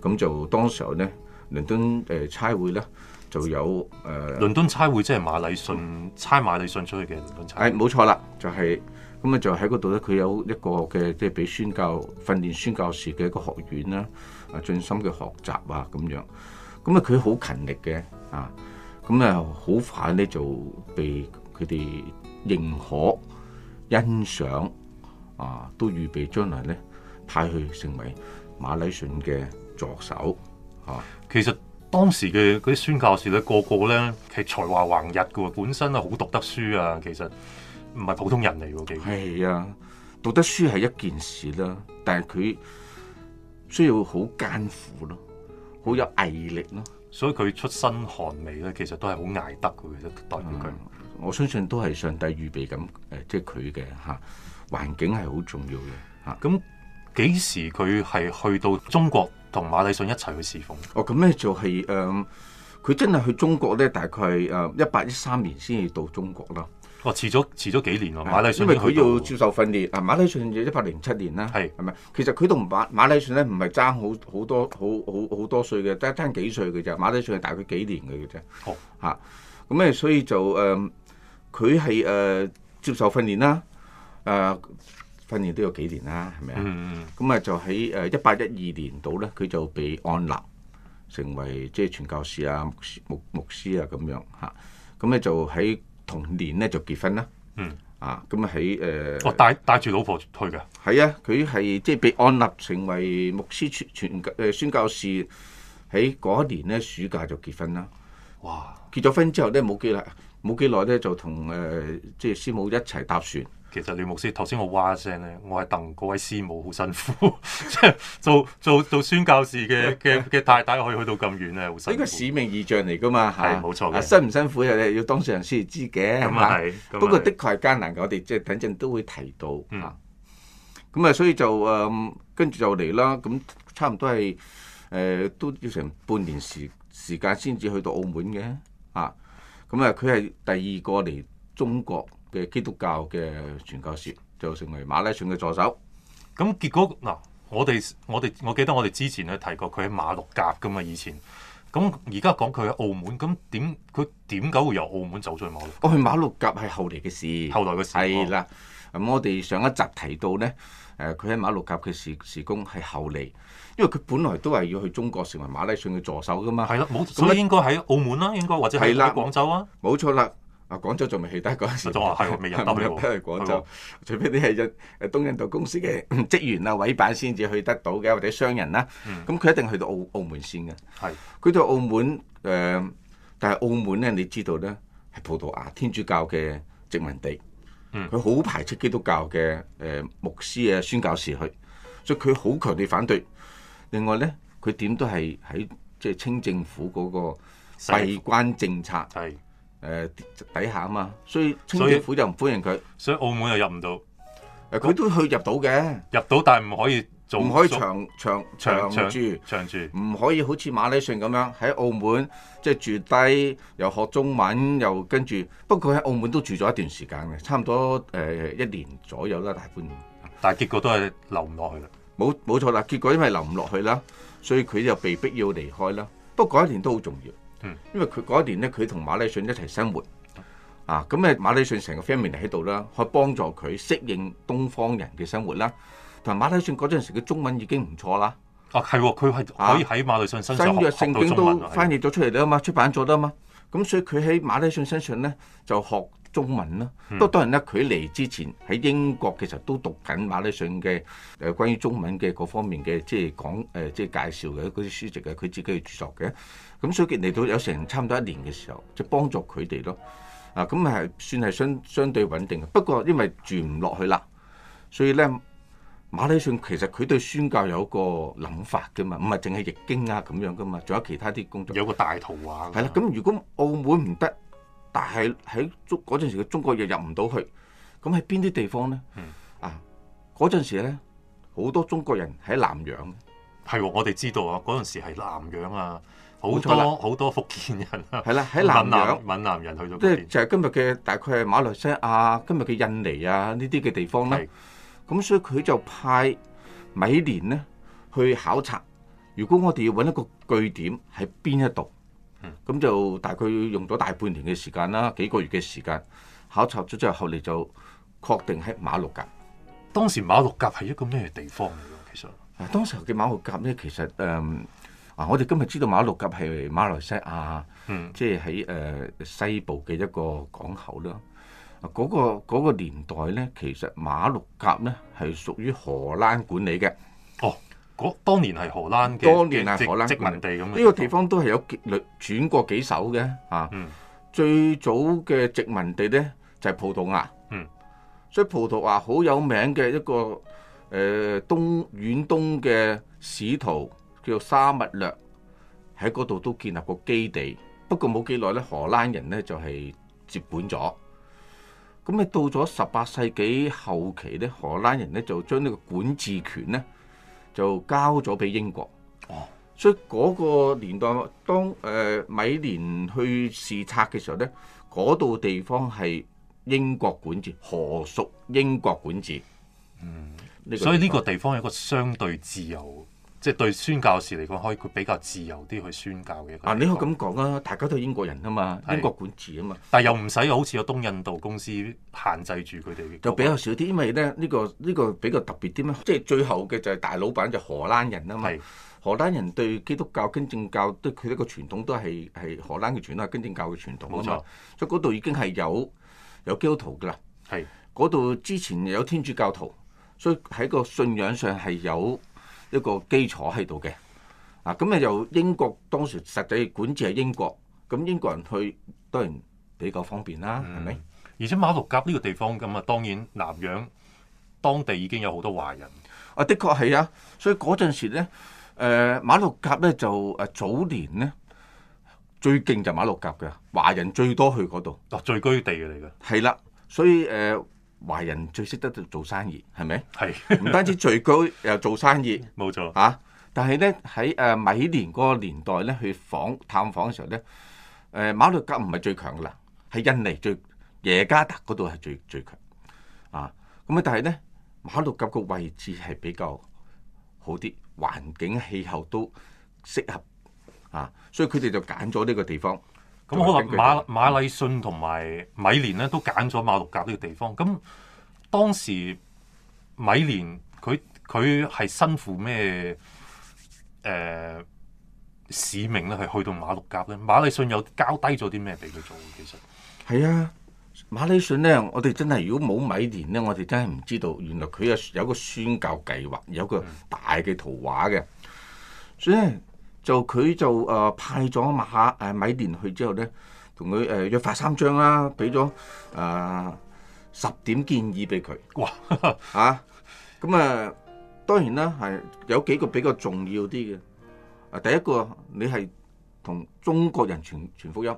咁就當時候咧倫敦誒差會咧。就有誒，呃、倫敦差會即係馬禮遜差馬禮遜出去嘅倫敦差。誒，冇錯啦，就係咁啊，就喺嗰度咧，佢有一個嘅即係俾宣教訓練宣教士嘅一個學院啦，啊，進深嘅學習啊咁樣。咁啊，佢好勤力嘅啊，咁啊，好快咧就被佢哋認可、欣賞啊，都預備將來咧派去成為馬禮遜嘅助手啊。其實。當時嘅嗰啲宣教士，咧，個個咧其實才華橫溢嘅喎，本身啊好讀得書啊，其實唔係普通人嚟嘅。係啊，讀得書係一件事啦，但係佢需要好艱苦咯，好有毅力咯。所以佢出身寒微咧，其實都係好捱得，佢其實代表佢、嗯，我相信都係上帝預備咁，誒，即係佢嘅嚇環境係好重要嘅嚇。咁、啊幾時佢係去到中國同馬禮遜一齊去侍奉？哦，咁咧就係誒，佢真係去中國咧，大概誒一八一三年先至到中國啦。哦，遲咗遲咗幾年喎，馬禮遜因為佢要接受訓練。啊，馬禮遜就一八零七年啦，係係咪？其實佢同馬馬禮遜咧唔係爭好好多好好好多歲嘅，得爭幾歲嘅啫。馬禮遜係大概幾年嘅嘅啫。哦，吓，咁咧所以就誒，佢係誒接受訓練啦，誒。婚宴都有幾年啦，係咪啊？咁啊、嗯、就喺誒一八一二年度咧，佢就被按立成為即係傳教士啊，牧牧、啊、牧師啊咁樣嚇。咁咧就喺同年咧就結婚啦。嗯。啊，咁啊喺誒。呃、哦，帶帶住老婆去嘅。係啊，佢係即係被按立成為牧師傳傳誒宣教士，喺嗰一年咧暑假就結婚啦。哇！結咗婚之後咧冇幾耐，冇幾耐咧就同誒即係師母一齊搭船。其實廖牧師，頭先我哇聲咧，我係鄧嗰位師母，好辛苦，即 係 做做做宣教士嘅嘅嘅太太，可以去到咁遠咧，好辛苦。呢個使命異象嚟噶嘛吓，冇錯、啊。辛唔辛苦啊？要當事人先知嘅，咁係、啊。不過的確係艱難嘅，我哋即係等陣都會提到啊。咁、嗯、啊，所以就誒跟住就嚟啦。咁差唔多係誒、啊、都要成半年時時間先至去到澳門嘅啊。咁啊，佢、嗯、係第二個嚟中國。啊嘅基督教嘅傳教士就成為馬禮遜嘅助手。咁結果嗱，我哋我哋我記得我哋之前咧提過，佢喺馬六甲噶嘛，以前。咁而家講佢喺澳門，咁點佢點解會由澳門走出馬六甲？我去馬六甲係後嚟嘅事，後嚟嘅事係啦。咁了、哦嗯、我哋上一集提到咧，誒佢喺馬六甲嘅事事工係後嚟，因為佢本來都係要去中國成為馬禮遜嘅助手噶嘛。係啦，冇，那所以應該喺澳門啦、啊，應該或者喺廣州啊。冇錯啦。啊！廣州仲未去得，嗰陣時仲話係未入唔入得去廣州。除非你係印誒東印度公司嘅職員啊、委辦先至去得到嘅，或者商人啦。咁佢一定去到澳澳門先嘅。係佢到澳門誒，但係澳門咧，你知道咧係葡萄牙天主教嘅殖民地。嗯，佢好排斥基督教嘅誒牧師啊、宣教士去，所以佢好強烈反對。另外咧，佢點都係喺即係清政府嗰個閉關政策。係。誒、呃、底下啊嘛，所以清政府以就唔歡迎佢，所以澳門又入唔到。誒佢、呃、都去入到嘅，入到但係唔可以做，唔可以長縮長長住，長，長住唔可以好似馬禮遜咁樣喺澳門即係、就是、住低，又學中文，又跟住。不過佢喺澳門都住咗一段時間嘅，差唔多誒、呃、一年左右啦，大半年。但係結果都係留唔落去啦。冇冇錯啦，結果因為留唔落去啦，所以佢就被逼要離開啦。不過嗰一年都好重要。因為佢嗰一年咧，佢同馬利遜一齊生活，啊，咁啊，馬利遜成個 family 喺度啦，可以幫助佢適應東方人嘅生活啦。同、啊、埋馬利遜嗰陣時嘅中文已經唔錯啦。啊，係、哦，佢係可以喺馬利遜身上學，啊、學新約聖經都翻譯咗出嚟啦嘛，的出版咗啦嘛。咁所以佢喺馬利遜身上咧就學中文啦。不過當然啦，佢嚟之前喺英國其實都讀緊馬利遜嘅誒關於中文嘅各方面嘅即係講誒即係介紹嘅嗰啲書籍嘅，佢自己嘅著作嘅。咁所以嚟到有成差唔多一年嘅時候，就幫助佢哋咯。啊，咁咪算係相相對穩定嘅。不過因為住唔落去啦，所以咧馬禮遜其實佢對宣教有一個諗法嘅嘛，唔係淨係譯經啊咁樣噶嘛，仲有其他啲工作。有個大圖畫。係啦，咁如果澳門唔得，但係喺中嗰陣時嘅中國又入唔到去，咁喺邊啲地方咧？嗯、啊，嗰陣時咧好多中國人喺南洋。係喎，我哋知道啊，嗰陣時係南洋啊。好多好多福建人啦、啊，係啦，喺南洋，閩南人去咗。即係就係今日嘅大概係馬來西亞，今日嘅印尼啊呢啲嘅地方啦。咁是所以佢就派米連呢去考察，如果我哋要揾一個據點喺邊一度？咁、嗯、就大概用咗大半年嘅時間啦，幾個月嘅時間考察咗之後，後嚟就確定喺馬六甲。當時馬六甲係一個咩地方嚟㗎？其實，當時嘅馬六甲咧，其實誒。嗯啊！我哋今日知道馬六甲係馬來西亞，嗯、即係喺誒西部嘅一個港口咯。嗰、啊嗰個嗰個年代咧，其實馬六甲咧係屬於荷蘭管理嘅。哦，嗰當年係荷蘭嘅，當年係荷蘭，荷蘭殖，殖民地咁。呢個地方都係有幾轉過幾手嘅嚇。啊嗯、最早嘅殖民地咧就係、是、葡萄牙。嗯。所以葡萄牙好有名嘅一個誒東遠東嘅使徒。叫沙勿略喺嗰度都建立個基地，不過冇幾耐咧，荷蘭人咧就係、是、接管咗。咁咧到咗十八世紀後期咧，荷蘭人咧就將呢個管治權咧就交咗俾英國。哦，所以嗰個年代，當誒、呃、米廉去視察嘅時候咧，嗰度地方係英國管治，何屬英國管治？嗯，所以呢個地方有個相對自由。即係對宣教士嚟講，可以佢比較自由啲去宣教嘅。啊，你可以咁講啊，大家都英國人啊嘛，是英國管治啊嘛，但係又唔使好似有東印度公司限制住佢哋、那個。就比較少啲，因為咧呢、呢個呢、呢個比較特別啲咧，即係最後嘅就係大老闆就是、荷蘭人啊嘛。是荷蘭人對基督教、更正教佢一個傳統都係係荷蘭嘅傳統、更正教嘅傳統。冇錯，所以嗰度已經係有有基督徒㗎啦。係嗰度之前有天主教徒，所以喺個信仰上係有。一個基礎喺度嘅，啊咁啊由英國當時實際管治係英國，咁英國人去當然比較方便啦，係咪、嗯？係係而且馬六甲呢個地方咁啊，當然南洋當地已經有好多華人，啊，的確係啊，所以嗰陣時咧，誒、呃、馬六甲咧就誒、啊、早年咧最勁就馬六甲嘅華人最多去嗰度，啊聚居地嘅嚟嘅。係啦，所以誒。呃華人最識得做做生意，係咪？係，唔單止最高又做生意，冇 錯嚇、啊。但係咧喺誒米聯嗰個年代咧，去訪探訪嘅時候咧，誒馬六甲唔係最強嘅啦，係印尼最耶加達嗰度係最最強啊。咁啊，但係咧馬六甲個位置係比較好啲，環境氣候都適合啊，所以佢哋就揀咗呢個地方。咁、嗯、可能馬馬禮遜同埋米連咧都揀咗馬六甲呢個地方。咁、嗯、當時米連佢佢係身負咩誒、呃、使命咧？係去到馬六甲咧？馬禮遜有交低咗啲咩俾佢做？其實係啊，馬禮遜咧，我哋真係如果冇米連咧，我哋真係唔知道原來佢有有個宣教計劃，有個大嘅圖畫嘅，所以就佢就誒、呃、派咗馬誒、啊、米連去之後咧，同佢誒約法三章啦，俾咗誒十點建議俾佢。哇嚇！咁啊、呃，當然啦，係有幾個比較重要啲嘅。誒、啊、第一個你係同中國人全傳，傳福音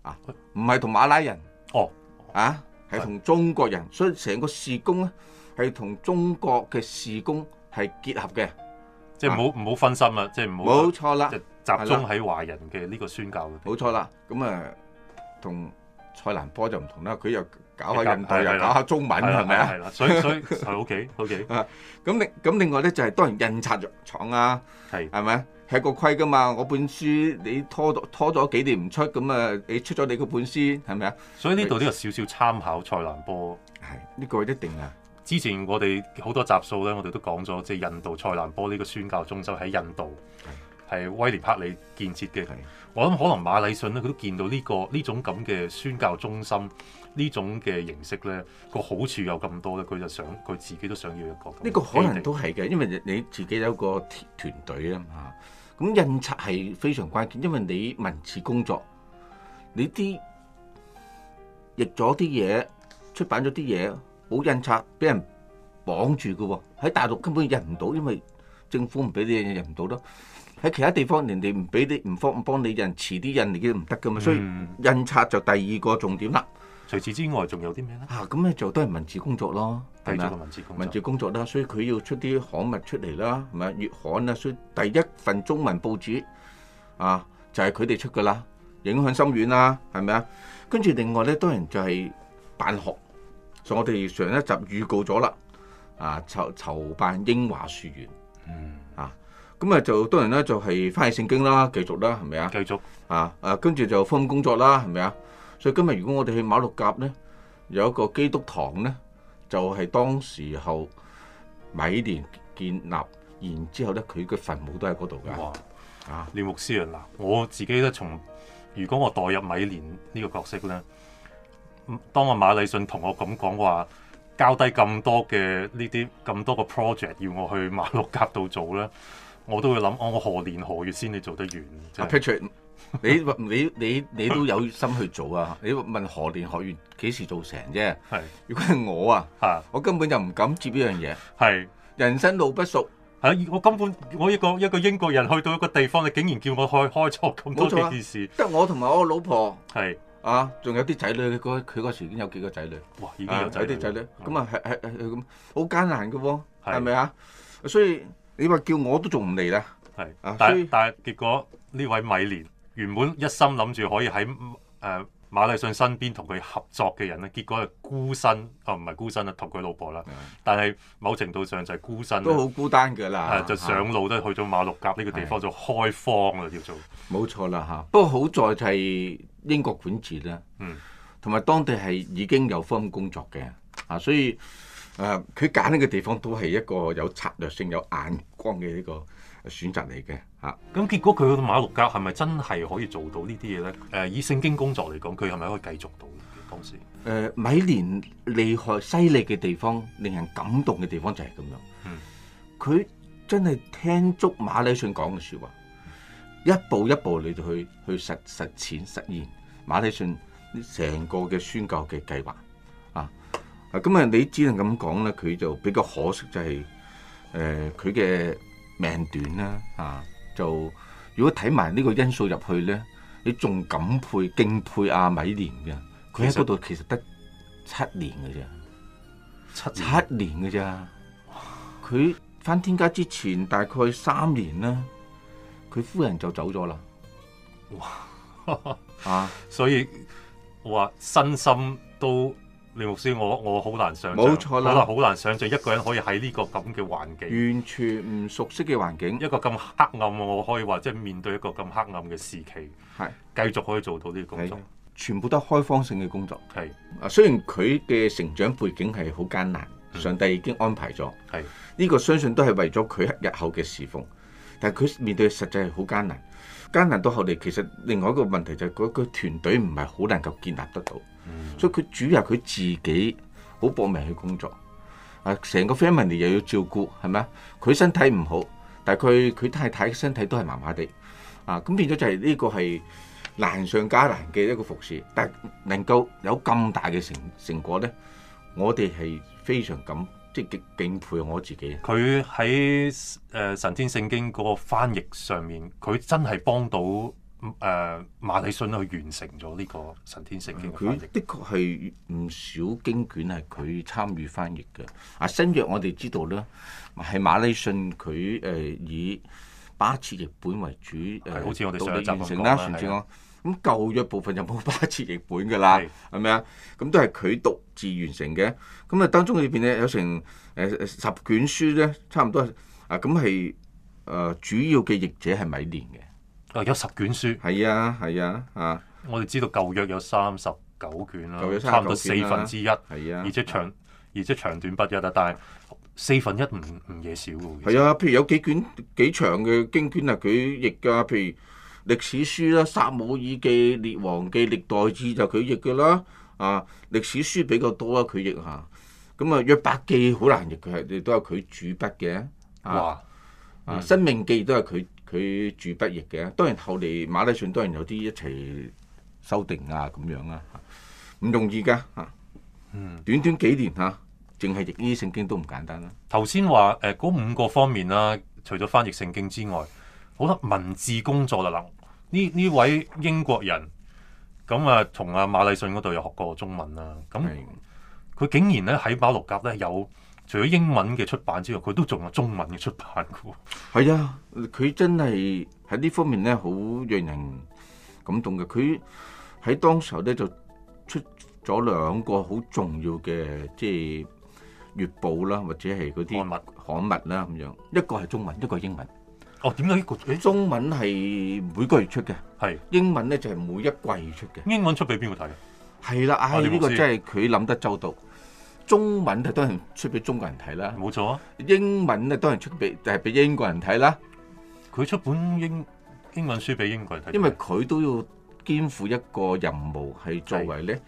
啊，唔係同馬拉人哦啊，係同中國人，哦、中國人，所以成個事工咧係同中國嘅事工係結合嘅。即係唔好分心啊！即係唔好。冇錯啦，集中喺華人嘅呢個宣教。冇錯啦，咁啊同蔡蘭波就唔同啦，佢又搞下印度，嗯、又搞下中文，係咪啊？係啦，所以 所以係 OK OK 咁另咁另外咧就係、是、當然印刷廠啊，係係咪啊？吃的個虧㗎嘛，我本書你拖拖咗幾年唔出，咁啊你出咗你個本書係咪啊？所以呢度都有少少參考蔡蘭波，係呢個一定啊。之前我哋好多集數咧，我哋都講咗，即係印度塞蘭波呢個宣教中心喺印度，係威廉克里建設嘅。的我諗可能馬禮遜咧，佢都見到呢個呢種咁嘅宣教中心呢種嘅形式咧，個好處有咁多咧，佢就想佢自己都想要一個。呢個可能都係嘅，因為你自己有一個團隊啊嘛。咁印刷係非常關鍵，因為你文字工作，你啲譯咗啲嘢，出版咗啲嘢。冇印刷俾人綁住嘅喎，哦，喺大陸根本印唔到，因為政府唔俾你印唔到咯。喺其他地方人哋唔俾你唔幫唔幫你印，遲啲印你都唔得噶嘛，所以印刷就第二個重點啦，嗯。除此之外，仲有啲咩咧？嚇，啊，咁咧就都係文字工作咯，係咪啊？文字工作啦，所以佢要出啲刊物出嚟啦，咪粵刊啊。所以第一份中文報紙啊，就係佢哋出嘅啦，影響深遠啦，係咪啊？跟住另外咧，當然就係辦學。所以我哋上一集預告咗啦，啊籌籌辦英華《英華書院》啊，啊咁啊就當然咧就係翻去聖經啦，繼續啦，係咪啊？繼續啊啊，跟住就福音工作啦，係咪啊？所以今日如果我哋去馬六甲咧，有一個基督堂咧，就係當時候米連建立，然之後咧佢嘅墳墓都喺嗰度嘅。哇！啊，廖牧師啊，嗱，我自己都從，如果我代入米連呢個角色咧。當我馬里信同我咁講話，交低咁多嘅呢啲咁多個 project 要我去馬六甲度做咧，我都會諗、哦，我何年何月先至做得完？Patrick， 你你你你都有心去做啊？你問何年何月幾時做成啫、啊？係是。如果係我啊，啊我根本就唔敢接呢樣嘢。係是。人生路不熟，嚇、啊！我根本我一個一個英國人去到一個地方，你竟然叫我去開錯咁多件事。冇錯、啊。得我同埋我老婆。係。啊，仲有啲仔女，佢嗰時已經有幾個仔女，哇，已經有仔啲仔女，咁的啊，係係係咁，好艱難嘅喎，係咪的啊？所以你話叫我都做唔嚟啦，係，但但係結果呢位米連原本一心諗住可以喺誒，呃馬利信身邊同佢合作嘅人咧，結果係孤身，啊唔係孤身啦，同佢老婆啦。的但係某程度上就係孤身，都好孤單㗎啦。就上路都去咗馬六甲呢個地方做的開荒啊，叫做。冇錯啦嚇，不過好在就係英國管治啦。嗯，同埋當地係已經有返工作嘅啊，所以。誒，佢揀呢個地方都係一個有策略性、有眼光嘅呢個選擇嚟嘅，吓、啊。咁結果佢去馬六甲係咪真係可以做到呢啲嘢咧？誒、啊，以聖經工作嚟講，佢係咪可以繼續到當時？誒、啊，米連厲害、犀利嘅地方，令人感動嘅地方就係咁樣。嗯，佢真係聽足馬禮遜講嘅說話，一步一步你就去去實實踐實現馬禮遜成個嘅宣教嘅計劃。啊，咁啊、嗯，你只能咁講咧，佢就比較可惜、就是，就係誒佢嘅命短啦，啊，就如果睇埋呢個因素入去咧，你仲感佩敬佩阿米連嘅，佢喺嗰度其實得七年嘅啫，七七年嘅啫，佢返天家之前大概三年啦，佢夫人就走咗啦，哇， 啊，所以我話身心都。李牧師，我我好難想象，好難好難想象一個人可以喺呢個咁嘅環境，完全唔熟悉嘅環境，一個咁黑暗，我可以話即係面對一個咁黑暗嘅時期，係是繼續可以做到呢個工作，全部都開荒性嘅工作，係啊是。雖然佢嘅成長背景係好艱難，是上帝已經安排咗，係呢是個相信都係為咗佢日後嘅侍奉。但係佢面對實際係好艱難，艱難到後嚟，其實另外一個問題就係佢佢團隊唔係好能夠建立得到。嗯、所以佢主要係佢自己好搏命去工作，啊，成個 family 又要照顧，係咪啊？佢身體唔好，但係佢佢太太身體都係麻麻地，啊，咁變咗就係呢個係難上加難嘅一個服侍。但係能夠有咁大嘅成成果咧，我哋係非常感，即係敬敬佩我自己。佢喺誒神天聖經嗰個翻譯上面，佢真係幫到。誒馬禮遜去完成咗呢個神天聖經。佢的確係唔少經卷係佢參與翻譯嘅。阿新約我哋知道咧，係馬禮遜佢誒以巴切譯本為主，係是、呃、好似我哋想完成啦，算住講。咁的舊約部分就冇巴切譯本㗎啦，係咪啊？咁都係佢獨自完成嘅。咁啊，當中裏邊咧有成誒、呃、十卷書咧，差唔多啊，咁係誒主要嘅譯者係米連嘅。啊！有十卷書，係啊係啊啊！啊啊我哋知道舊約有三十九卷啦，卷差唔多四分之一，係啊。而且長、啊、而且長短不一啊，但係四分一唔唔嘢少嘅係啊，譬如有幾卷幾長嘅經卷啊，佢譯㗎。譬如歷史書啦，《撒母耳記》、《列王記》、《歷代志》就佢譯㗎啦。啊，歷史書比較多啦，佢譯下。咁啊，嗯，《約伯記》好難譯，佢係都係佢主筆嘅。哇！啊，《申、嗯、命記》都係佢佢主筆譯嘅，當然後嚟馬禮遜當然有啲一齊修訂啊咁樣啦、啊，唔容易噶嚇。嗯、啊，短短幾年嚇、啊，淨係譯呢啲聖經都唔簡單啦、啊。頭先話誒嗰五個方面啦，除咗翻譯聖經之外，好啦，文字工作啦嗱，呢、呃、呢位英國人咁、呃、啊，同阿馬禮遜嗰度又學過中文啦，咁、呃、佢是竟然咧喺馬六甲咧有。除咗英文嘅出版之外，佢都仲有中文嘅出版噶喎。係啊，佢真係喺呢方面咧，好讓人感動嘅。佢喺當時候咧就出咗兩個好重要嘅，即係月報啦，或者係嗰啲刊物啦咁樣。一個係中文，一個係英文。哦，點解呢個？中文係每個月出嘅，係是英文咧就係、是、每一季出嘅。英文出俾邊個睇啊？係啦的，啊、嗯、呢個真係佢諗得周到。中文係，當然出俾中國人睇啦，冇錯啊！英文咧，當然出俾就係、是、俾英國人睇啦。佢出本英英文書俾英國人睇，因為佢都要肩負一個任務，係作為咧的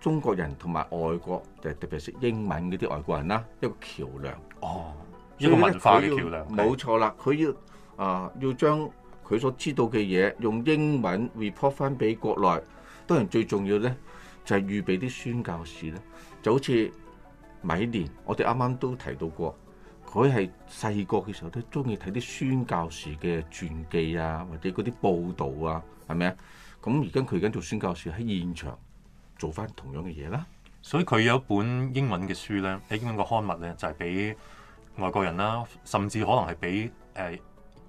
中國人同埋外國，誒特別係英文嗰啲外國人啦，一個橋梁。哦，一個文化嘅橋梁，冇要的錯啦。佢要啊、呃，要將佢所知道嘅嘢用英文 report 翻俾國內。當然最重要咧，就係、是、預備啲宣教士咧。就好似米連，我哋啱啱都提到過，佢係細個嘅時候都中意睇啲宣教士嘅傳記啊，或者嗰啲報道啊，係咪啊？咁而家佢而家做宣教士喺現場做返同樣嘅嘢啦。所以佢有一本英文嘅書咧，喺英文嘅刊物咧，就係、是、俾外國人啦，甚至可能係俾誒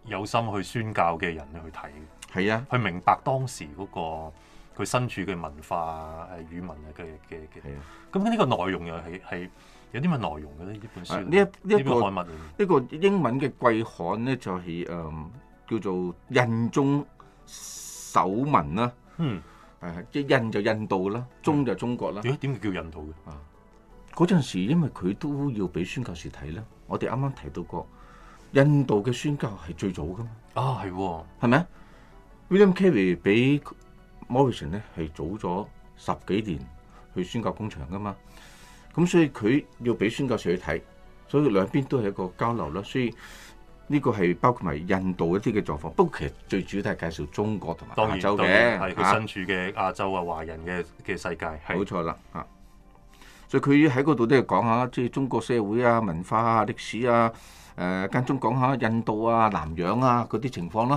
有心去宣教嘅人去睇。係啊，佢明白當時嗰、那個。佢身處嘅文化、啊、誒語文嘅嘅嘅，咁呢的個內容又係係有啲乜內容嘅咧？呢本書呢一呢一個呢個英文嘅、就係《季、呃、刊》咧就係誒叫做印中手文啦、啊，嗯，即、啊、印就印度啦、啊，中就中國啦。咦？點解叫印度嘅？啊，嗰陣、嗯啊啊、時因為佢都要俾宣教士睇咧，我哋啱啱提到過印度嘅宣教係最早噶嘛。啊，係、啊，係咪啊？William Carey 俾。摩拜森咧係早咗十幾年去宣教工場噶嘛，咁所以佢要俾宣教士去睇，所以兩邊都係一個交流啦。所以呢個係包括埋印度一啲嘅狀況，不過其實最主要都係介紹中國同埋亞洲嘅，佢身處嘅亞洲啊、啊華人嘅嘅世界，冇錯啦啊。所以佢喺嗰度都係講下，即係中國社會啊、文化啊、歷史啊，誒、啊，間中講下印度啊、南洋啊嗰啲情況啦、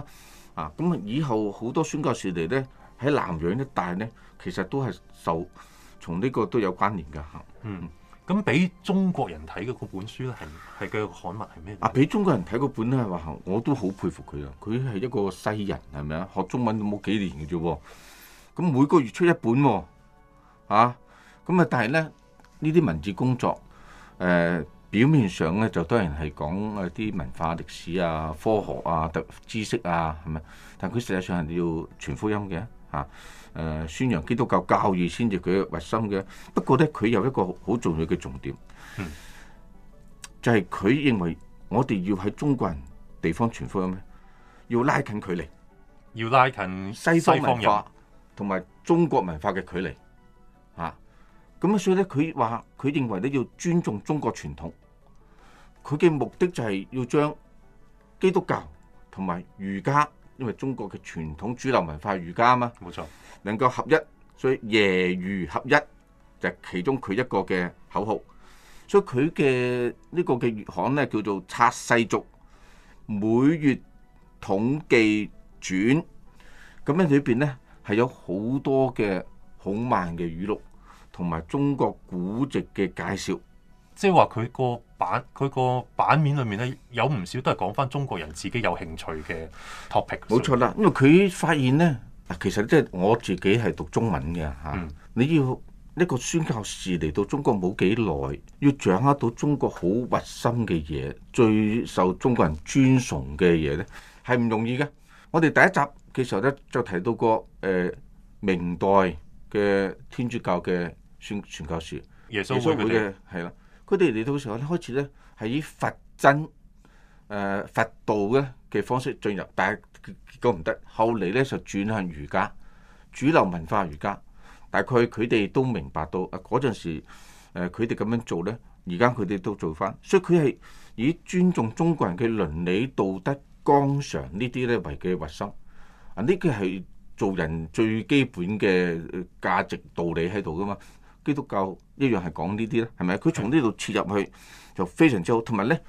啊。啊，咁啊以後好多宣教士嚟咧。喺南洋一帶咧，其實都係受從呢個都有關聯嘅嚇。嗯，咁俾中國人睇嘅嗰本書咧，係係嘅漢文係咩？啊，俾中國人睇嗰本咧，話我都好佩服佢啊！佢係一個西人，係咪啊？學中文都冇幾年嘅啫喎，咁每個月出一本喎，啊，咁啊，啊，但係咧呢啲文字工作，誒、啊、表面上咧就當然係講誒啲文化、歷史啊、科學啊、特知識啊，係咪？但佢實際上係要傳福音嘅。啊！誒，宣揚基督教教義先至佢核心嘅，不過咧，佢有一個好重要嘅重點，嗯、就係佢認為我哋要喺中國人地方傳福音，要拉近距離，要拉近西方文化同埋中國文化嘅距離。啊！咁啊，所以咧，佢話佢認為咧要尊重中國傳統，佢嘅目的就係要將基督教同埋儒家。因為中國嘅傳統主流文化儒家啊嘛，冇錯錯，能夠合一，所以耶儒合一就係、是、其中佢一個嘅口號。所以佢嘅呢個嘅月刊咧叫做察世俗，每月統記傳，咁樣裏邊咧係有好多嘅孔孟嘅語錄，同埋中國古籍嘅介紹，即係話佢個。版佢個版面裏面咧，有唔少都係講翻中國人自己有興趣嘅 topic。冇錯啦，因為佢發現咧，其實即係我自己係讀中文嘅嚇、嗯啊。你要一個宣教士嚟到中國冇幾耐，要掌握到中國好核心嘅嘢，最受中國人尊崇嘅嘢咧，係唔容易嘅。我哋第一集嘅時候咧，就提到過誒、呃、明代嘅天主教嘅宣傳教士，耶穌會嘅，係啦。佢哋嚟到嘅時候，開始咧係以佛真、誒、呃、佛道嘅嘅方式進入，但係結果唔得。後嚟咧就轉向儒家主流文化，儒家。大概佢哋都明白到啊，嗰陣時佢哋咁樣做咧，而家佢哋都做翻。所以佢係以尊重中國人嘅倫理道德、綱常呢啲咧為嘅核心。啊，呢個係做人最基本嘅價值道理喺度噶嘛？基督教一樣係講呢啲咧，係咪啊？佢從呢度切入去的就非常之好，同埋咧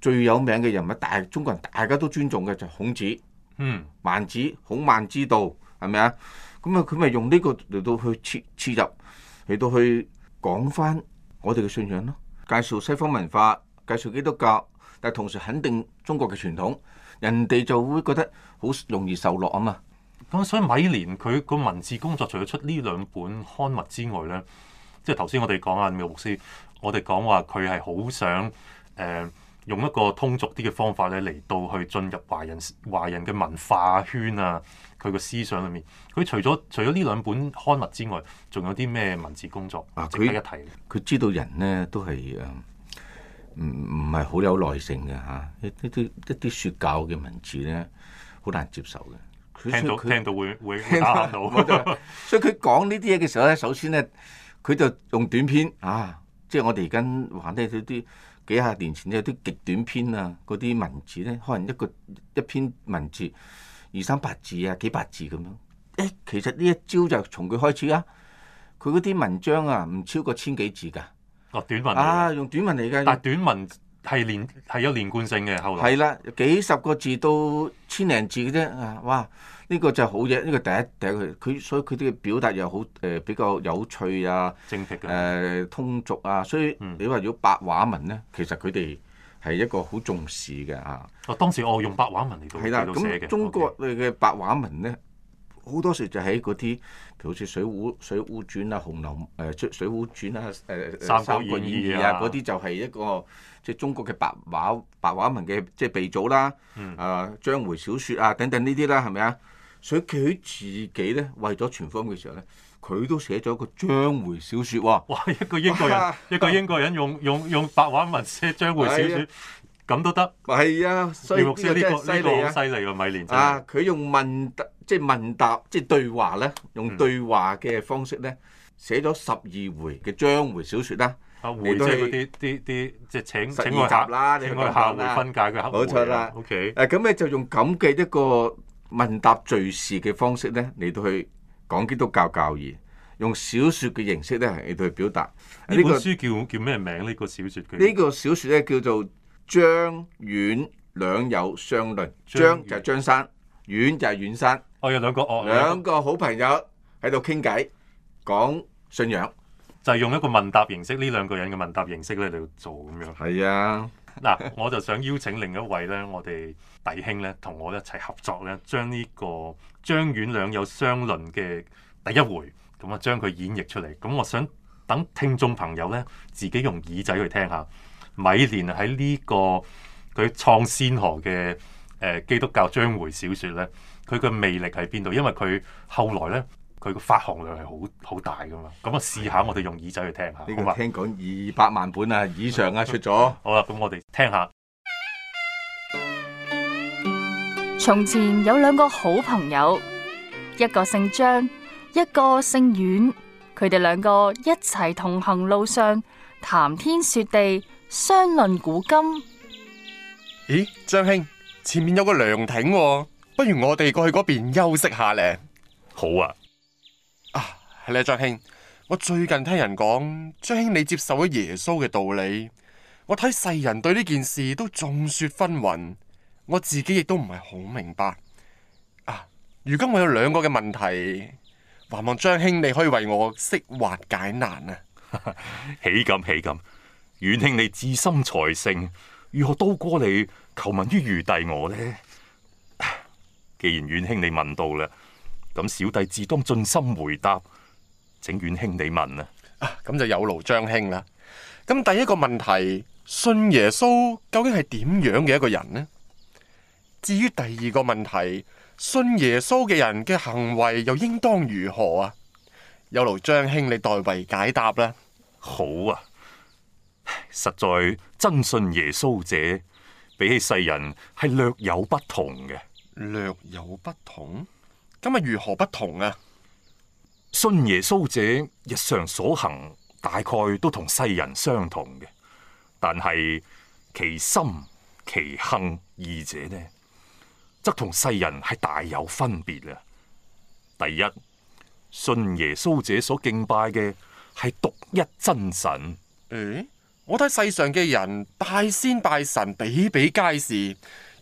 最有名嘅人物，大中國人大家都尊重嘅就係孔子，嗯，孟子，孔孟之道係咪啊？咁啊佢咪用呢個嚟到去切切入嚟到去講翻我哋嘅信仰咯，介紹西方文化，介紹基督教，但係同時肯定中國嘅傳統，人哋就會覺得好容易受落啊嘛。咁所以米蓮佢個文字工作除咗出呢兩本刊物之外咧，即係頭先我哋講啊，苗牧師，我哋講話佢係好想誒、呃、用一個通俗啲嘅方法咧嚟到去進入華人華人嘅文化圈啊，佢個思想裏面，佢除咗除咗呢兩本刊物之外，仲有啲咩文字工作、啊、值得一提？佢知道人咧都係誒，唔唔係好有耐性嘅吓、啊，一啲啲一啲說教嘅文字咧，好難接受嘅。聽到聽到，聽到會會打到， 所以佢講呢啲嘢嘅時候咧，首先咧，佢就用短篇啊，即係我哋而家玩啲嗰啲幾廿年前有啲極短篇啊，嗰啲文字咧，可能一個一篇文字二三百字啊，幾百字咁樣。誒、欸，其實呢一招就從佢開始啊，佢嗰啲文章啊，唔超過千幾字㗎。哦，短文啊，用短文嚟㗎。但係短文。係連係有連貫性嘅，後來係啦，幾十個字到千零字嘅啫啊！哇，呢個就好嘢，呢個第一第一佢佢所以佢啲嘅表達又好誒比較有趣啊，精闢嘅誒通俗啊，所以你話如果白話文咧，其實佢哋係一個好重視嘅啊！哦，當時我用白話文嚟到寫嘅，係啦，咁中國嘅白話文咧，好多時就喺嗰啲，好似《水滸水滸傳》啊，《紅樓》誒《水滸傳》啊，誒《三國演義》啊，嗰啲就係一個。即係中國嘅白話白話文嘅即係鼻祖啦，誒章、嗯啊、回小說啊等等呢啲啦，係咪啊？所以佢自己咧為咗傳福音嘅時候咧，佢都寫咗一個章回小說喎、啊。哇！一個英國人，哇 一個英國人用、啊、用用，用白話文寫章回小說，咁都得。係啊、哎，所以呢、這、呢個好犀利啊！米連啊，佢用問即係問答，即係對話咧，用對話嘅方式咧，寫咗、嗯、十二回嘅章回小說啦。啊會即係啲啲啲即係請你去請集啦，請聽下回分解佢客冇錯啦。OK。誒咁咧就用咁嘅一個問答敘事嘅方式咧嚟到去講基督教教義，用小説嘅形式咧嚟到去表達。呢本書叫叫咩名？呢個小説？呢個小説咧叫做張遠兩友相論。張，遠張就係張生，遠就係遠山。我、哦、有兩個哦，兩個好朋友喺度傾偈講信仰。就係用一個問答形式，呢兩個人嘅問答形式咧嚟做咁樣。係是啊，嗱， 我就想邀請另一位咧，我哋弟兄咧，同我一齊合作咧，將呢個張遠兩友相論嘅第一回，咁啊將佢演繹出嚟。咁我想等聽眾朋友咧，自己用耳仔去聽下米憐喺呢個佢創先河嘅誒、呃、基督教章回小説咧，佢嘅魅力喺邊度？因為佢後來咧。佢個發行量係好好大㗎嘛，咁啊試下我哋用耳仔去聽下。呢個的吧聽講二百萬本啊以上啊出咗。好啦，咁我哋聽下。從前有兩個好朋友，一個姓張，一個姓阮。佢哋兩個一齊同行路上，談天說地，相論古今。咦，張兄，前面有個涼亭，哦，不如我哋過去嗰邊休息下咧。好啊。係咧，張兄，我最近聽人講，張兄你接受咗耶穌嘅道理，我睇世人對呢件事都眾說紛紜，我自己亦都唔係好明白。啊，如今我有兩個嘅問題，還望張兄你可以為我釋惑解難啊！ 豈敢豈敢，阮兄你智深才盛，如何都過你求問於愚弟我呢？啊、既然阮兄你問到啦，咁小弟自當盡心回答。請遠兄，遠你問啦。啊，咁、啊、就有勞張兄啦。咁第一個問題，信耶穌究竟係點樣嘅一個人呢？至於第二個問題，信耶穌嘅人嘅行為又應當如何啊？有勞張兄你代為解答啦。好啊，實在真信耶穌者，比起世人係略有不同嘅。略有不同？咁係如何不同啊？信耶穌者日常所行大概都同世人相同嘅，但係其心其行二者呢，則同世人係大有分別啦。第一，信耶穌者所敬拜嘅係獨一真神。誒、欸，我睇世上嘅人拜仙拜神比比皆是，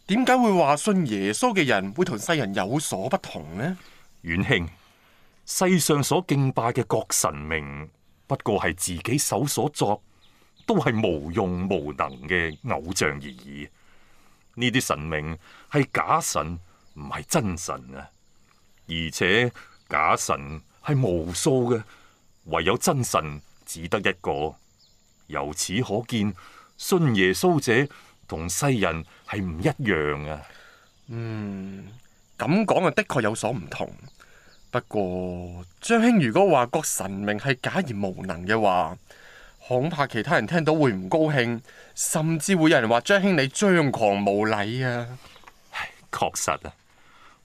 點解會話信耶穌嘅人會同世人有所不同呢？遠兄。世上所敬拜嘅各神明，不過係自己手所作，都係無用無能嘅偶像而已。呢啲神明係假神，唔係真神啊！而且假神係無數嘅，唯有真神只得一個。由此可見，信耶穌者同世人係唔一樣啊！嗯，咁講啊，的確有所唔同。不過張兄如果話個神明係假而無能嘅話，恐怕其他人聽到會唔高興，甚至會有人話張兄你張狂無禮啊！唉，確實啊，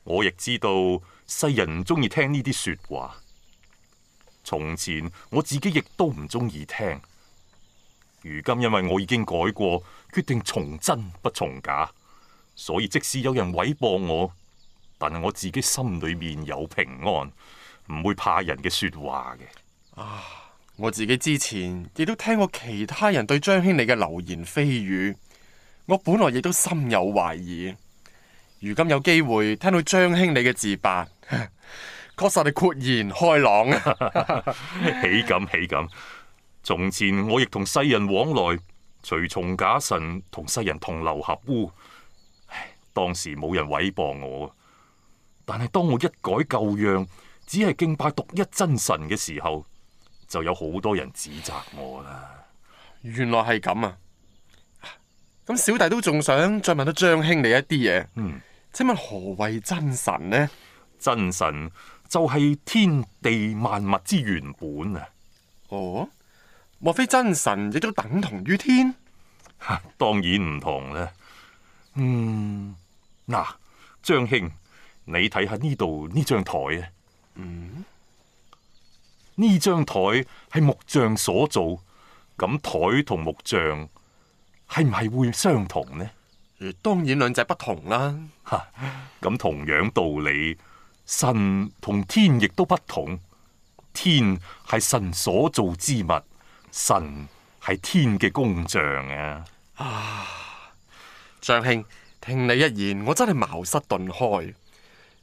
我亦知道世人唔中意聽呢啲說話。從前我自己亦都唔中意聽，如今因為我已經改過，決定從真不從假，所以即使有人毀謗我。但係我自己心裏面有平安，唔會怕人嘅說話嘅。啊，我自己之前亦都聽過其他人對張兄你嘅流言蜚語，我本來亦都心有懷疑。如今有機會聽到張兄你嘅自白，確實係豁然開朗啊！喜咁喜咁，從前我亦同世人往來，隨從假神，同世人同流合污，唉，當時冇人毀謗我。但係當我一改舊樣，只係敬拜獨一真神嘅時候，就有好多人指責我啦。原來係咁啊！咁小弟都仲想再問到張兄你一啲嘢。嗯，請問何為真神呢？真神就係天地萬物之原本啊！哦，莫非真神亦都等同於天？吓、啊，當然唔同啦。嗯，嗱、啊，張兄。你睇下呢度呢張台啊。嗯，呢張台係木匠所做，咁台同木匠係唔係會相同呢？當然兩者不同啦、啊。哈、啊，咁同樣道理，神同天亦都不同。天係神所造之物，神係天嘅工匠啊！啊，張兄，聽你一言，我真係茅塞頓開。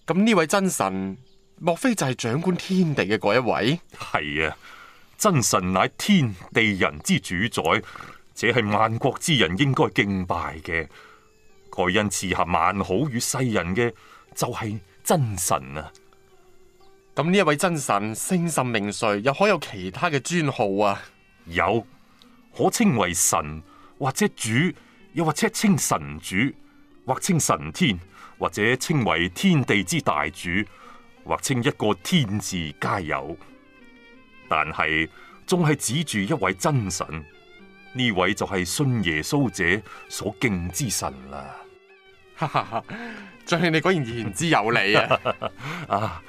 咁呢位真神，莫非就係掌管天地嘅嗰一位？係啊，真神乃天地人之主宰，且係萬國之人應該敬拜嘅。蓋因賜下萬好與世人嘅，就係真神啊！咁呢一位真神，姓甚名誰，又可有其他嘅尊號啊？有，可稱為神，或者主，又或者稱神主，或稱神天。或者稱為天地之大主，或稱一個天字皆有，但係仲係指住一位真神，呢位就係信耶穌者所敬之神啦。哈哈哈，張兄你果然言之有理 啊！啊，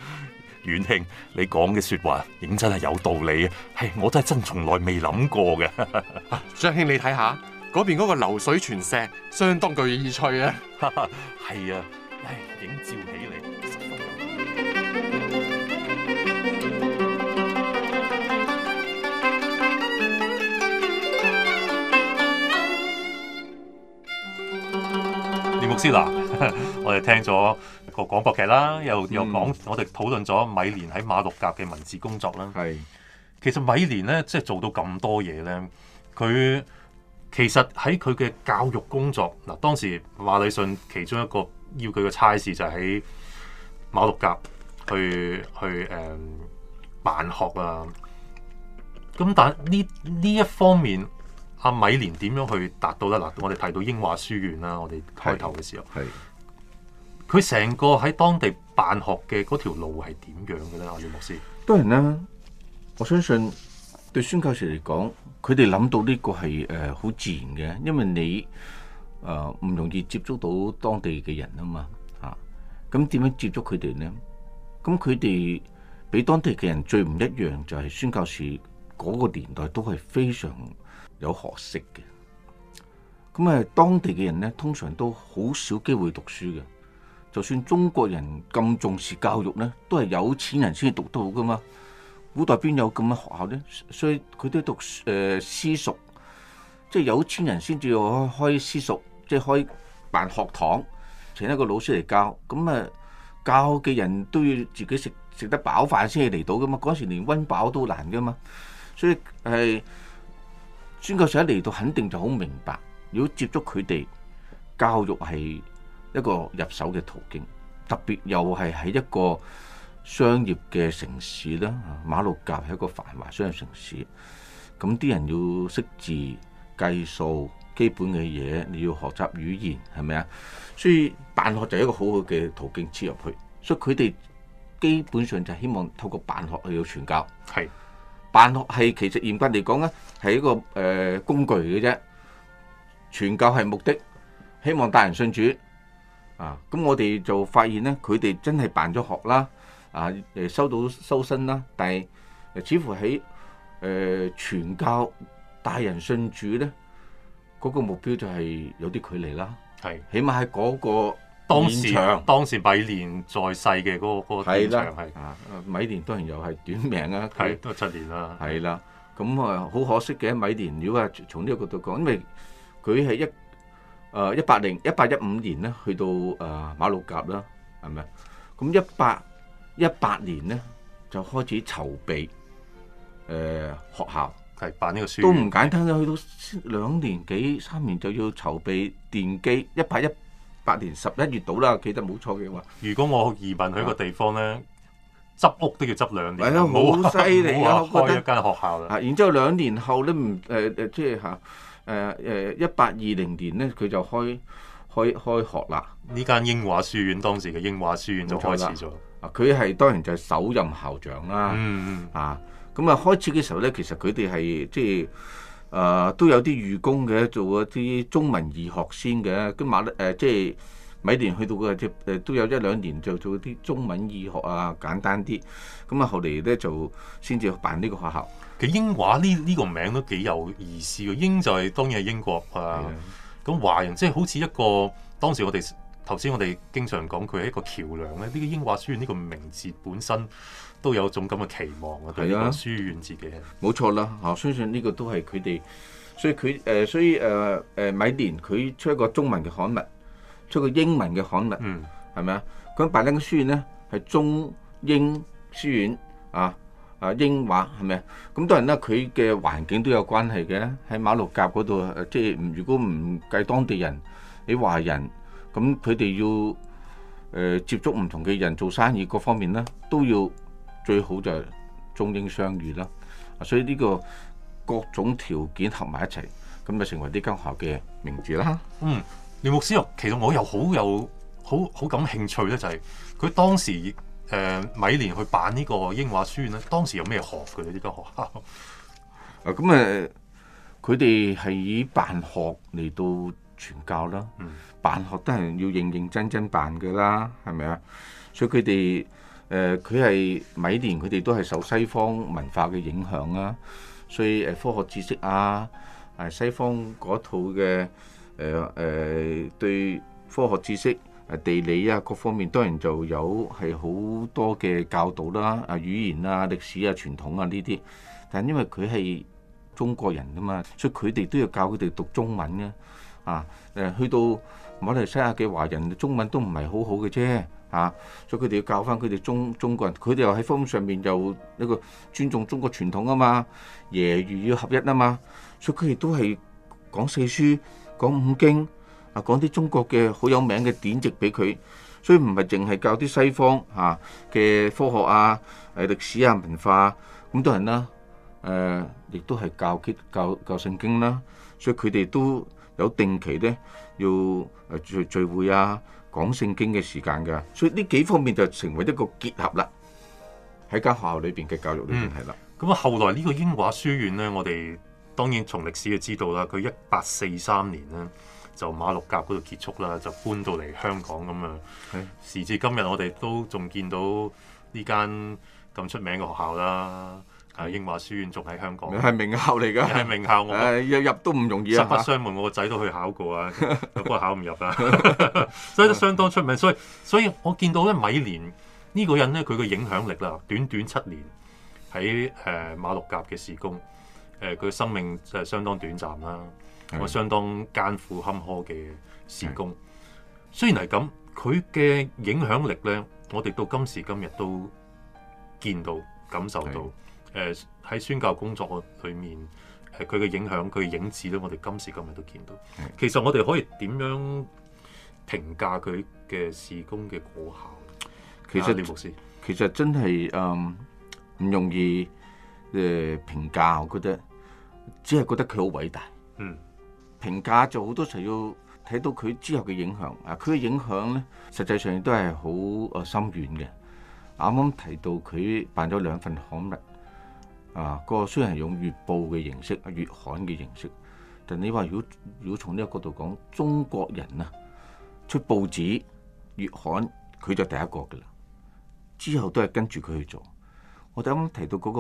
遠慶你講嘅說話認真係有道理啊，係我都係真從來未諗過嘅。張 兄你睇下。嗰邊嗰個流水泉石相當具意趣啊！係 啊，唉，影照起嚟十分有。廉牧師啦， 我哋聽咗個廣播劇啦，又又講我哋討論咗米連喺馬六甲嘅文字工作啦。係是，其實米連咧，即係做到咁多嘢咧，佢。其實喺佢嘅教育工作嗱，當時話馬禮遜其中一個要佢嘅差事就係喺馬六甲去去誒、嗯、辦學啊。咁但呢呢一方面，阿米連點樣去達到咧？嗱，我哋提到英華書院啦，我哋開頭嘅時候，係佢成個喺當地辦學嘅嗰條路係點樣嘅咧？阿李牧師，當然啦，我相信對宣教士嚟講。佢哋諗到呢個係誒好自然嘅，因為你誒唔、呃、容易接觸到當地嘅人嘛啊嘛嚇。咁點樣接觸佢哋呢？咁佢哋比當地嘅人最唔一樣就係宣教士嗰個年代都係非常有學識嘅。咁、啊、誒，當地嘅人呢，通常都好少機會讀書嘅。就算中國人咁重視教育呢，都係有錢人先至讀到㗎嘛。古代邊有咁嘅學校咧？所以佢都讀誒、呃、私塾，即係有錢人先至開開私塾，即係開辦學堂，請一個老師嚟教。咁啊，教嘅人都要自己食食得飽飯先至嚟到㗎嘛。嗰時連温飽都難㗎嘛，所以係孫教授一嚟到，肯定就好明白。如果接觸佢哋，教育係一個入手嘅途徑，特別又係喺一個。商業嘅城市啦，馬六甲係一個繁華商業城市。咁啲人要識字、計數、基本嘅嘢，你要學習語言，係咪啊？所以辦學就係一個好好嘅途徑切入去。所以佢哋基本上就希望透過辦學去到傳教。係是，辦學係其實嚴格嚟講咧，係一個誒工具嘅啫。傳教係目的，希望大人信主。啊，咁我哋就發現呢佢哋真係辦咗學啦。啊！誒收到收身啦，但係誒似乎喺誒、呃、傳教大人信主咧，嗰、那個目標就係有啲距離啦。係是，起碼喺嗰個當時場當時米連在世嘅嗰、那個嗰、那個現場係啊！米連當然又係短命啊，都多七年啦。係、嗯、啦，咁啊好可惜嘅米連，如果從呢個角度講，因為佢係一誒一八零一八一五年咧，去到誒、呃、馬六甲啦，係咪？咁一八。一八年咧就開始籌備誒學校，係辦呢個書院都唔簡單。去到兩年幾三年就要籌備電機。一八一八年十一月到啦，記得冇錯嘅話。如果我移民去個地方咧，執屋都要執兩年。係咯好犀利啊！開一間學校啦。然之後兩年後咧，唔誒誒，即係嚇誒誒，一八二零年咧，佢就開開開學啦。呢間英華書院當時嘅英華書院就開始咗。啊！佢係當然就係首任校長啦、啊，嗯、啊咁啊、嗯、開始嘅時候咧，其實佢哋係即係誒、呃、都有啲義工嘅，做一啲中文義學先嘅，跟埋咧誒即係每年去到嘅誒都有一兩年就做啲中文義學啊簡單啲，咁、嗯、啊後嚟咧就先至辦呢個學校。其實英華呢呢個名都幾有意思喎，英就係、是、當然係英國啊，咁的華人即係、就是、好似一個當時我哋。頭先我哋經常講佢係一個橋梁咧，呢個英華書院呢個名字本身都有種咁嘅期望啊！對呢個書院自己，冇錯啦嚇，我相信呢個都係佢哋，所以佢誒，所以誒誒米憐佢出一個中文嘅刊物，出個英文嘅刊物，嗯，係咪啊？咁百靈書院咧係中英書院啊，啊英華係咪啊？咁當然啦，佢嘅環境都有關係嘅，喺馬六甲嗰度，即係如果唔計當地人，你華人。咁佢哋要誒、呃、接觸唔同嘅人做生意各方面咧，都要最好就係中英相遇啦。所以呢個各種條件合埋一齊，咁就成為呢間學校嘅名字啦。嗯，廖牧師其實我又好有好好感興趣咧、就是，就係佢當時誒、呃、米連去辦呢個英華書院咧，當時有咩學嘅咧？呢間學校啊，咁 誒、呃，佢哋係以辦學嚟到，傳教啦，嗯、辦學都係要認認真真辦嘅啦，係咪啊？所以佢哋誒佢係每年，佢哋都係受西方文化嘅影響啊。所以誒、呃、科學知識啊，誒西方嗰套嘅誒誒對科學知識、地理啊各方面，當然就有係好多嘅教導啦。啊語言啊、歷史啊、傳統啊呢啲，但因為佢係中國人㗎嘛，所以佢哋都要教佢哋讀中文嘅。啊！誒，去到馬來西亞嘅華人，中文都唔係好好嘅啫，嚇、啊！所以佢哋要教翻佢哋中中國人，佢哋又喺方面上面又一個尊重中國傳統啊嘛，耶儒要合一啊嘛，所以佢哋都係講四書、講五經啊，講啲中國嘅好有名嘅典籍俾佢，所以唔係淨係教啲西方嚇、啊、嘅、啊、科學啊、誒、啊、歷史啊、文化咁、啊、多人啦、啊。誒、啊，亦都係教教教聖經啦、啊，所以佢哋都。有定期咧要誒聚聚會啊，講聖經嘅時間㗎，所以呢幾方面就成為一個結合啦。喺間學校裏邊嘅教育裏邊係啦。咁啊、嗯，後來呢個英華書院咧，我哋當然從歷史就知道啦，佢一八四三年咧就馬六甲嗰度結束啦，就搬到嚟香港咁啊。是時至今日，我哋都仲見到呢間咁出名嘅學校啦。啊！英華書院仲喺香港，係名校嚟噶，係名校我。我入、uh, 入都唔容易啊！實不相瞞，我個仔都去考過啊， 不過考唔入啊， 所以都相當出名。所以所以我見到咧，米憐呢個人咧，佢嘅影響力啦，短短七年喺誒馬六甲嘅事工，誒佢生命就係相當短暫啦，我對 相當艱苦坎坷嘅事工。對 雖然係咁，佢嘅影響力咧，我哋到今時今日都見到感受到。誒喺宣教工作裏面，係佢嘅影響，佢嘅影子咧，我哋今時今日都見到。是的 其實我哋可以點樣評價佢嘅事工嘅果效？其實看看李牧師，其實真係誒唔容易誒評價，我覺得只係覺得佢好偉大。嗯，評價就好多時要睇到佢之後嘅影響。啊，佢嘅影響咧，實際上亦都係好誒深遠嘅。啱啱提到佢辦咗兩份刊物。啊！個雖然係用月報嘅形式、月刊嘅形式，但你話如果如果從呢個角度講，中國人啊出報紙、月刊，佢就第一個㗎喇。之後都係跟住佢去做。我哋啱啱提到嗰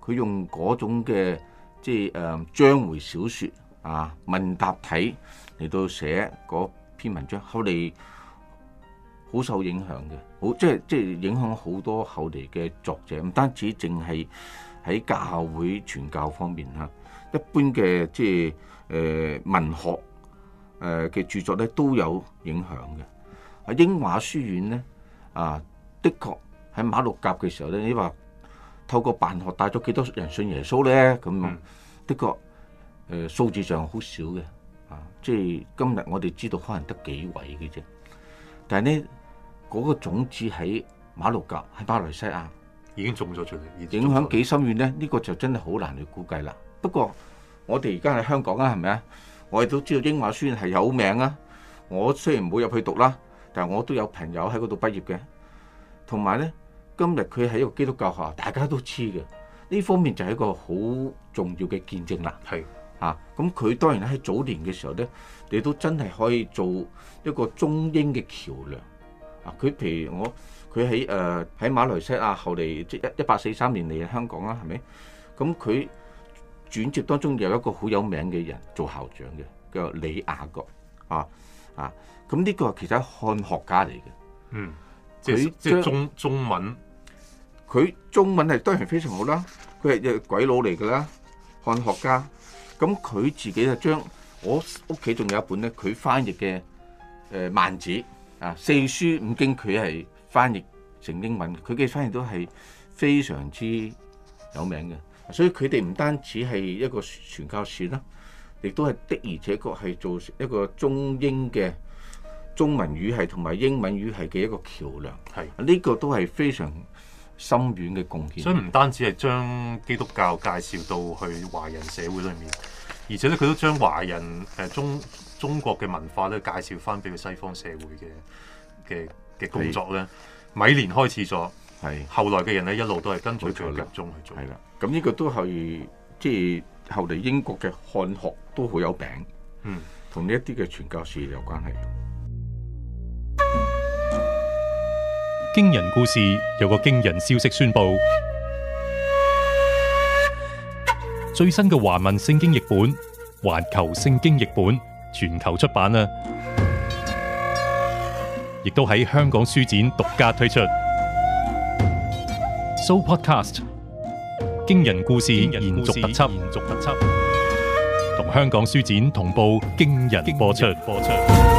個，佢用嗰種嘅即係誒、啊、章回小説啊問答體嚟到寫篇文章，後嚟好受影響嘅，好即係即係影響好多後嚟嘅作者，唔單止淨係。喺教會傳教方面啦，一般嘅即係誒、呃、文學誒嘅著作咧都有影響嘅。英華書院咧啊，的確喺馬六甲嘅時候咧，你話透過辦學帶咗幾多人信耶穌咧？咁啊，嗯、的確誒數字上好少嘅啊，即係今日我哋知道可能得幾位嘅啫。但係咧，嗰、那個種子喺馬六甲喺馬來西亞。已經中咗出嚟，出影響幾深遠呢？呢個就真係好難去估計啦。不過我哋而家喺香港啊，係咪啊？我哋都知道英華書院係有名啊。我雖然冇入去讀啦，但係我都有朋友喺嗰度畢業嘅。同埋呢，今日佢係一個基督教學校，大家都知嘅。呢方面就係一個好重要嘅見證啦。係啊，咁佢當然喺早年嘅時候呢，你都真係可以做一個中英嘅橋梁。佢、啊、譬如我，佢喺誒喺馬來西亞後來，後嚟即一一八四三年嚟香港啦，係咪？咁、嗯、佢轉接當中有一個好有名嘅人做校長嘅，叫理雅各啊啊！咁、啊、呢、啊啊嗯這個其實係漢學家嚟嘅，嗯，她即即中她中文，佢中文係當然非常好啦，佢係鬼佬嚟㗎啦，漢學家。咁佢自己就將我屋企仲有一本咧，佢翻譯嘅誒《孟、呃、子》。啊，四書五經佢係翻譯成英文，佢嘅翻譯都係非常之有名嘅，所以佢哋唔單止係一個傳教士啦，亦都係的而且確係做一個中英嘅中文語系同埋英文語系嘅一個橋梁，係呢是個都係非常深遠嘅貢獻。所以唔單止係將基督教介紹到去華人社會裏面，而且咧佢都將華人誒、呃、中。中國嘅文化咧，介紹翻俾佢西方社會嘅嘅嘅工作咧，米廉開始咗，係後來嘅人咧一路都係跟住佢嚟，集中去做，係啦。咁呢個都係即係後嚟英國嘅漢學都好有餅，嗯，同呢一啲嘅傳教士有關係。驚人故事有個驚人消息宣布，最新嘅華文聖經譯本《環球聖經譯本》。全球出版啦，啊，亦都喺香港書展獨家推出。So Podcast 驚人故事延續特輯，同香港書展同步驚人播出。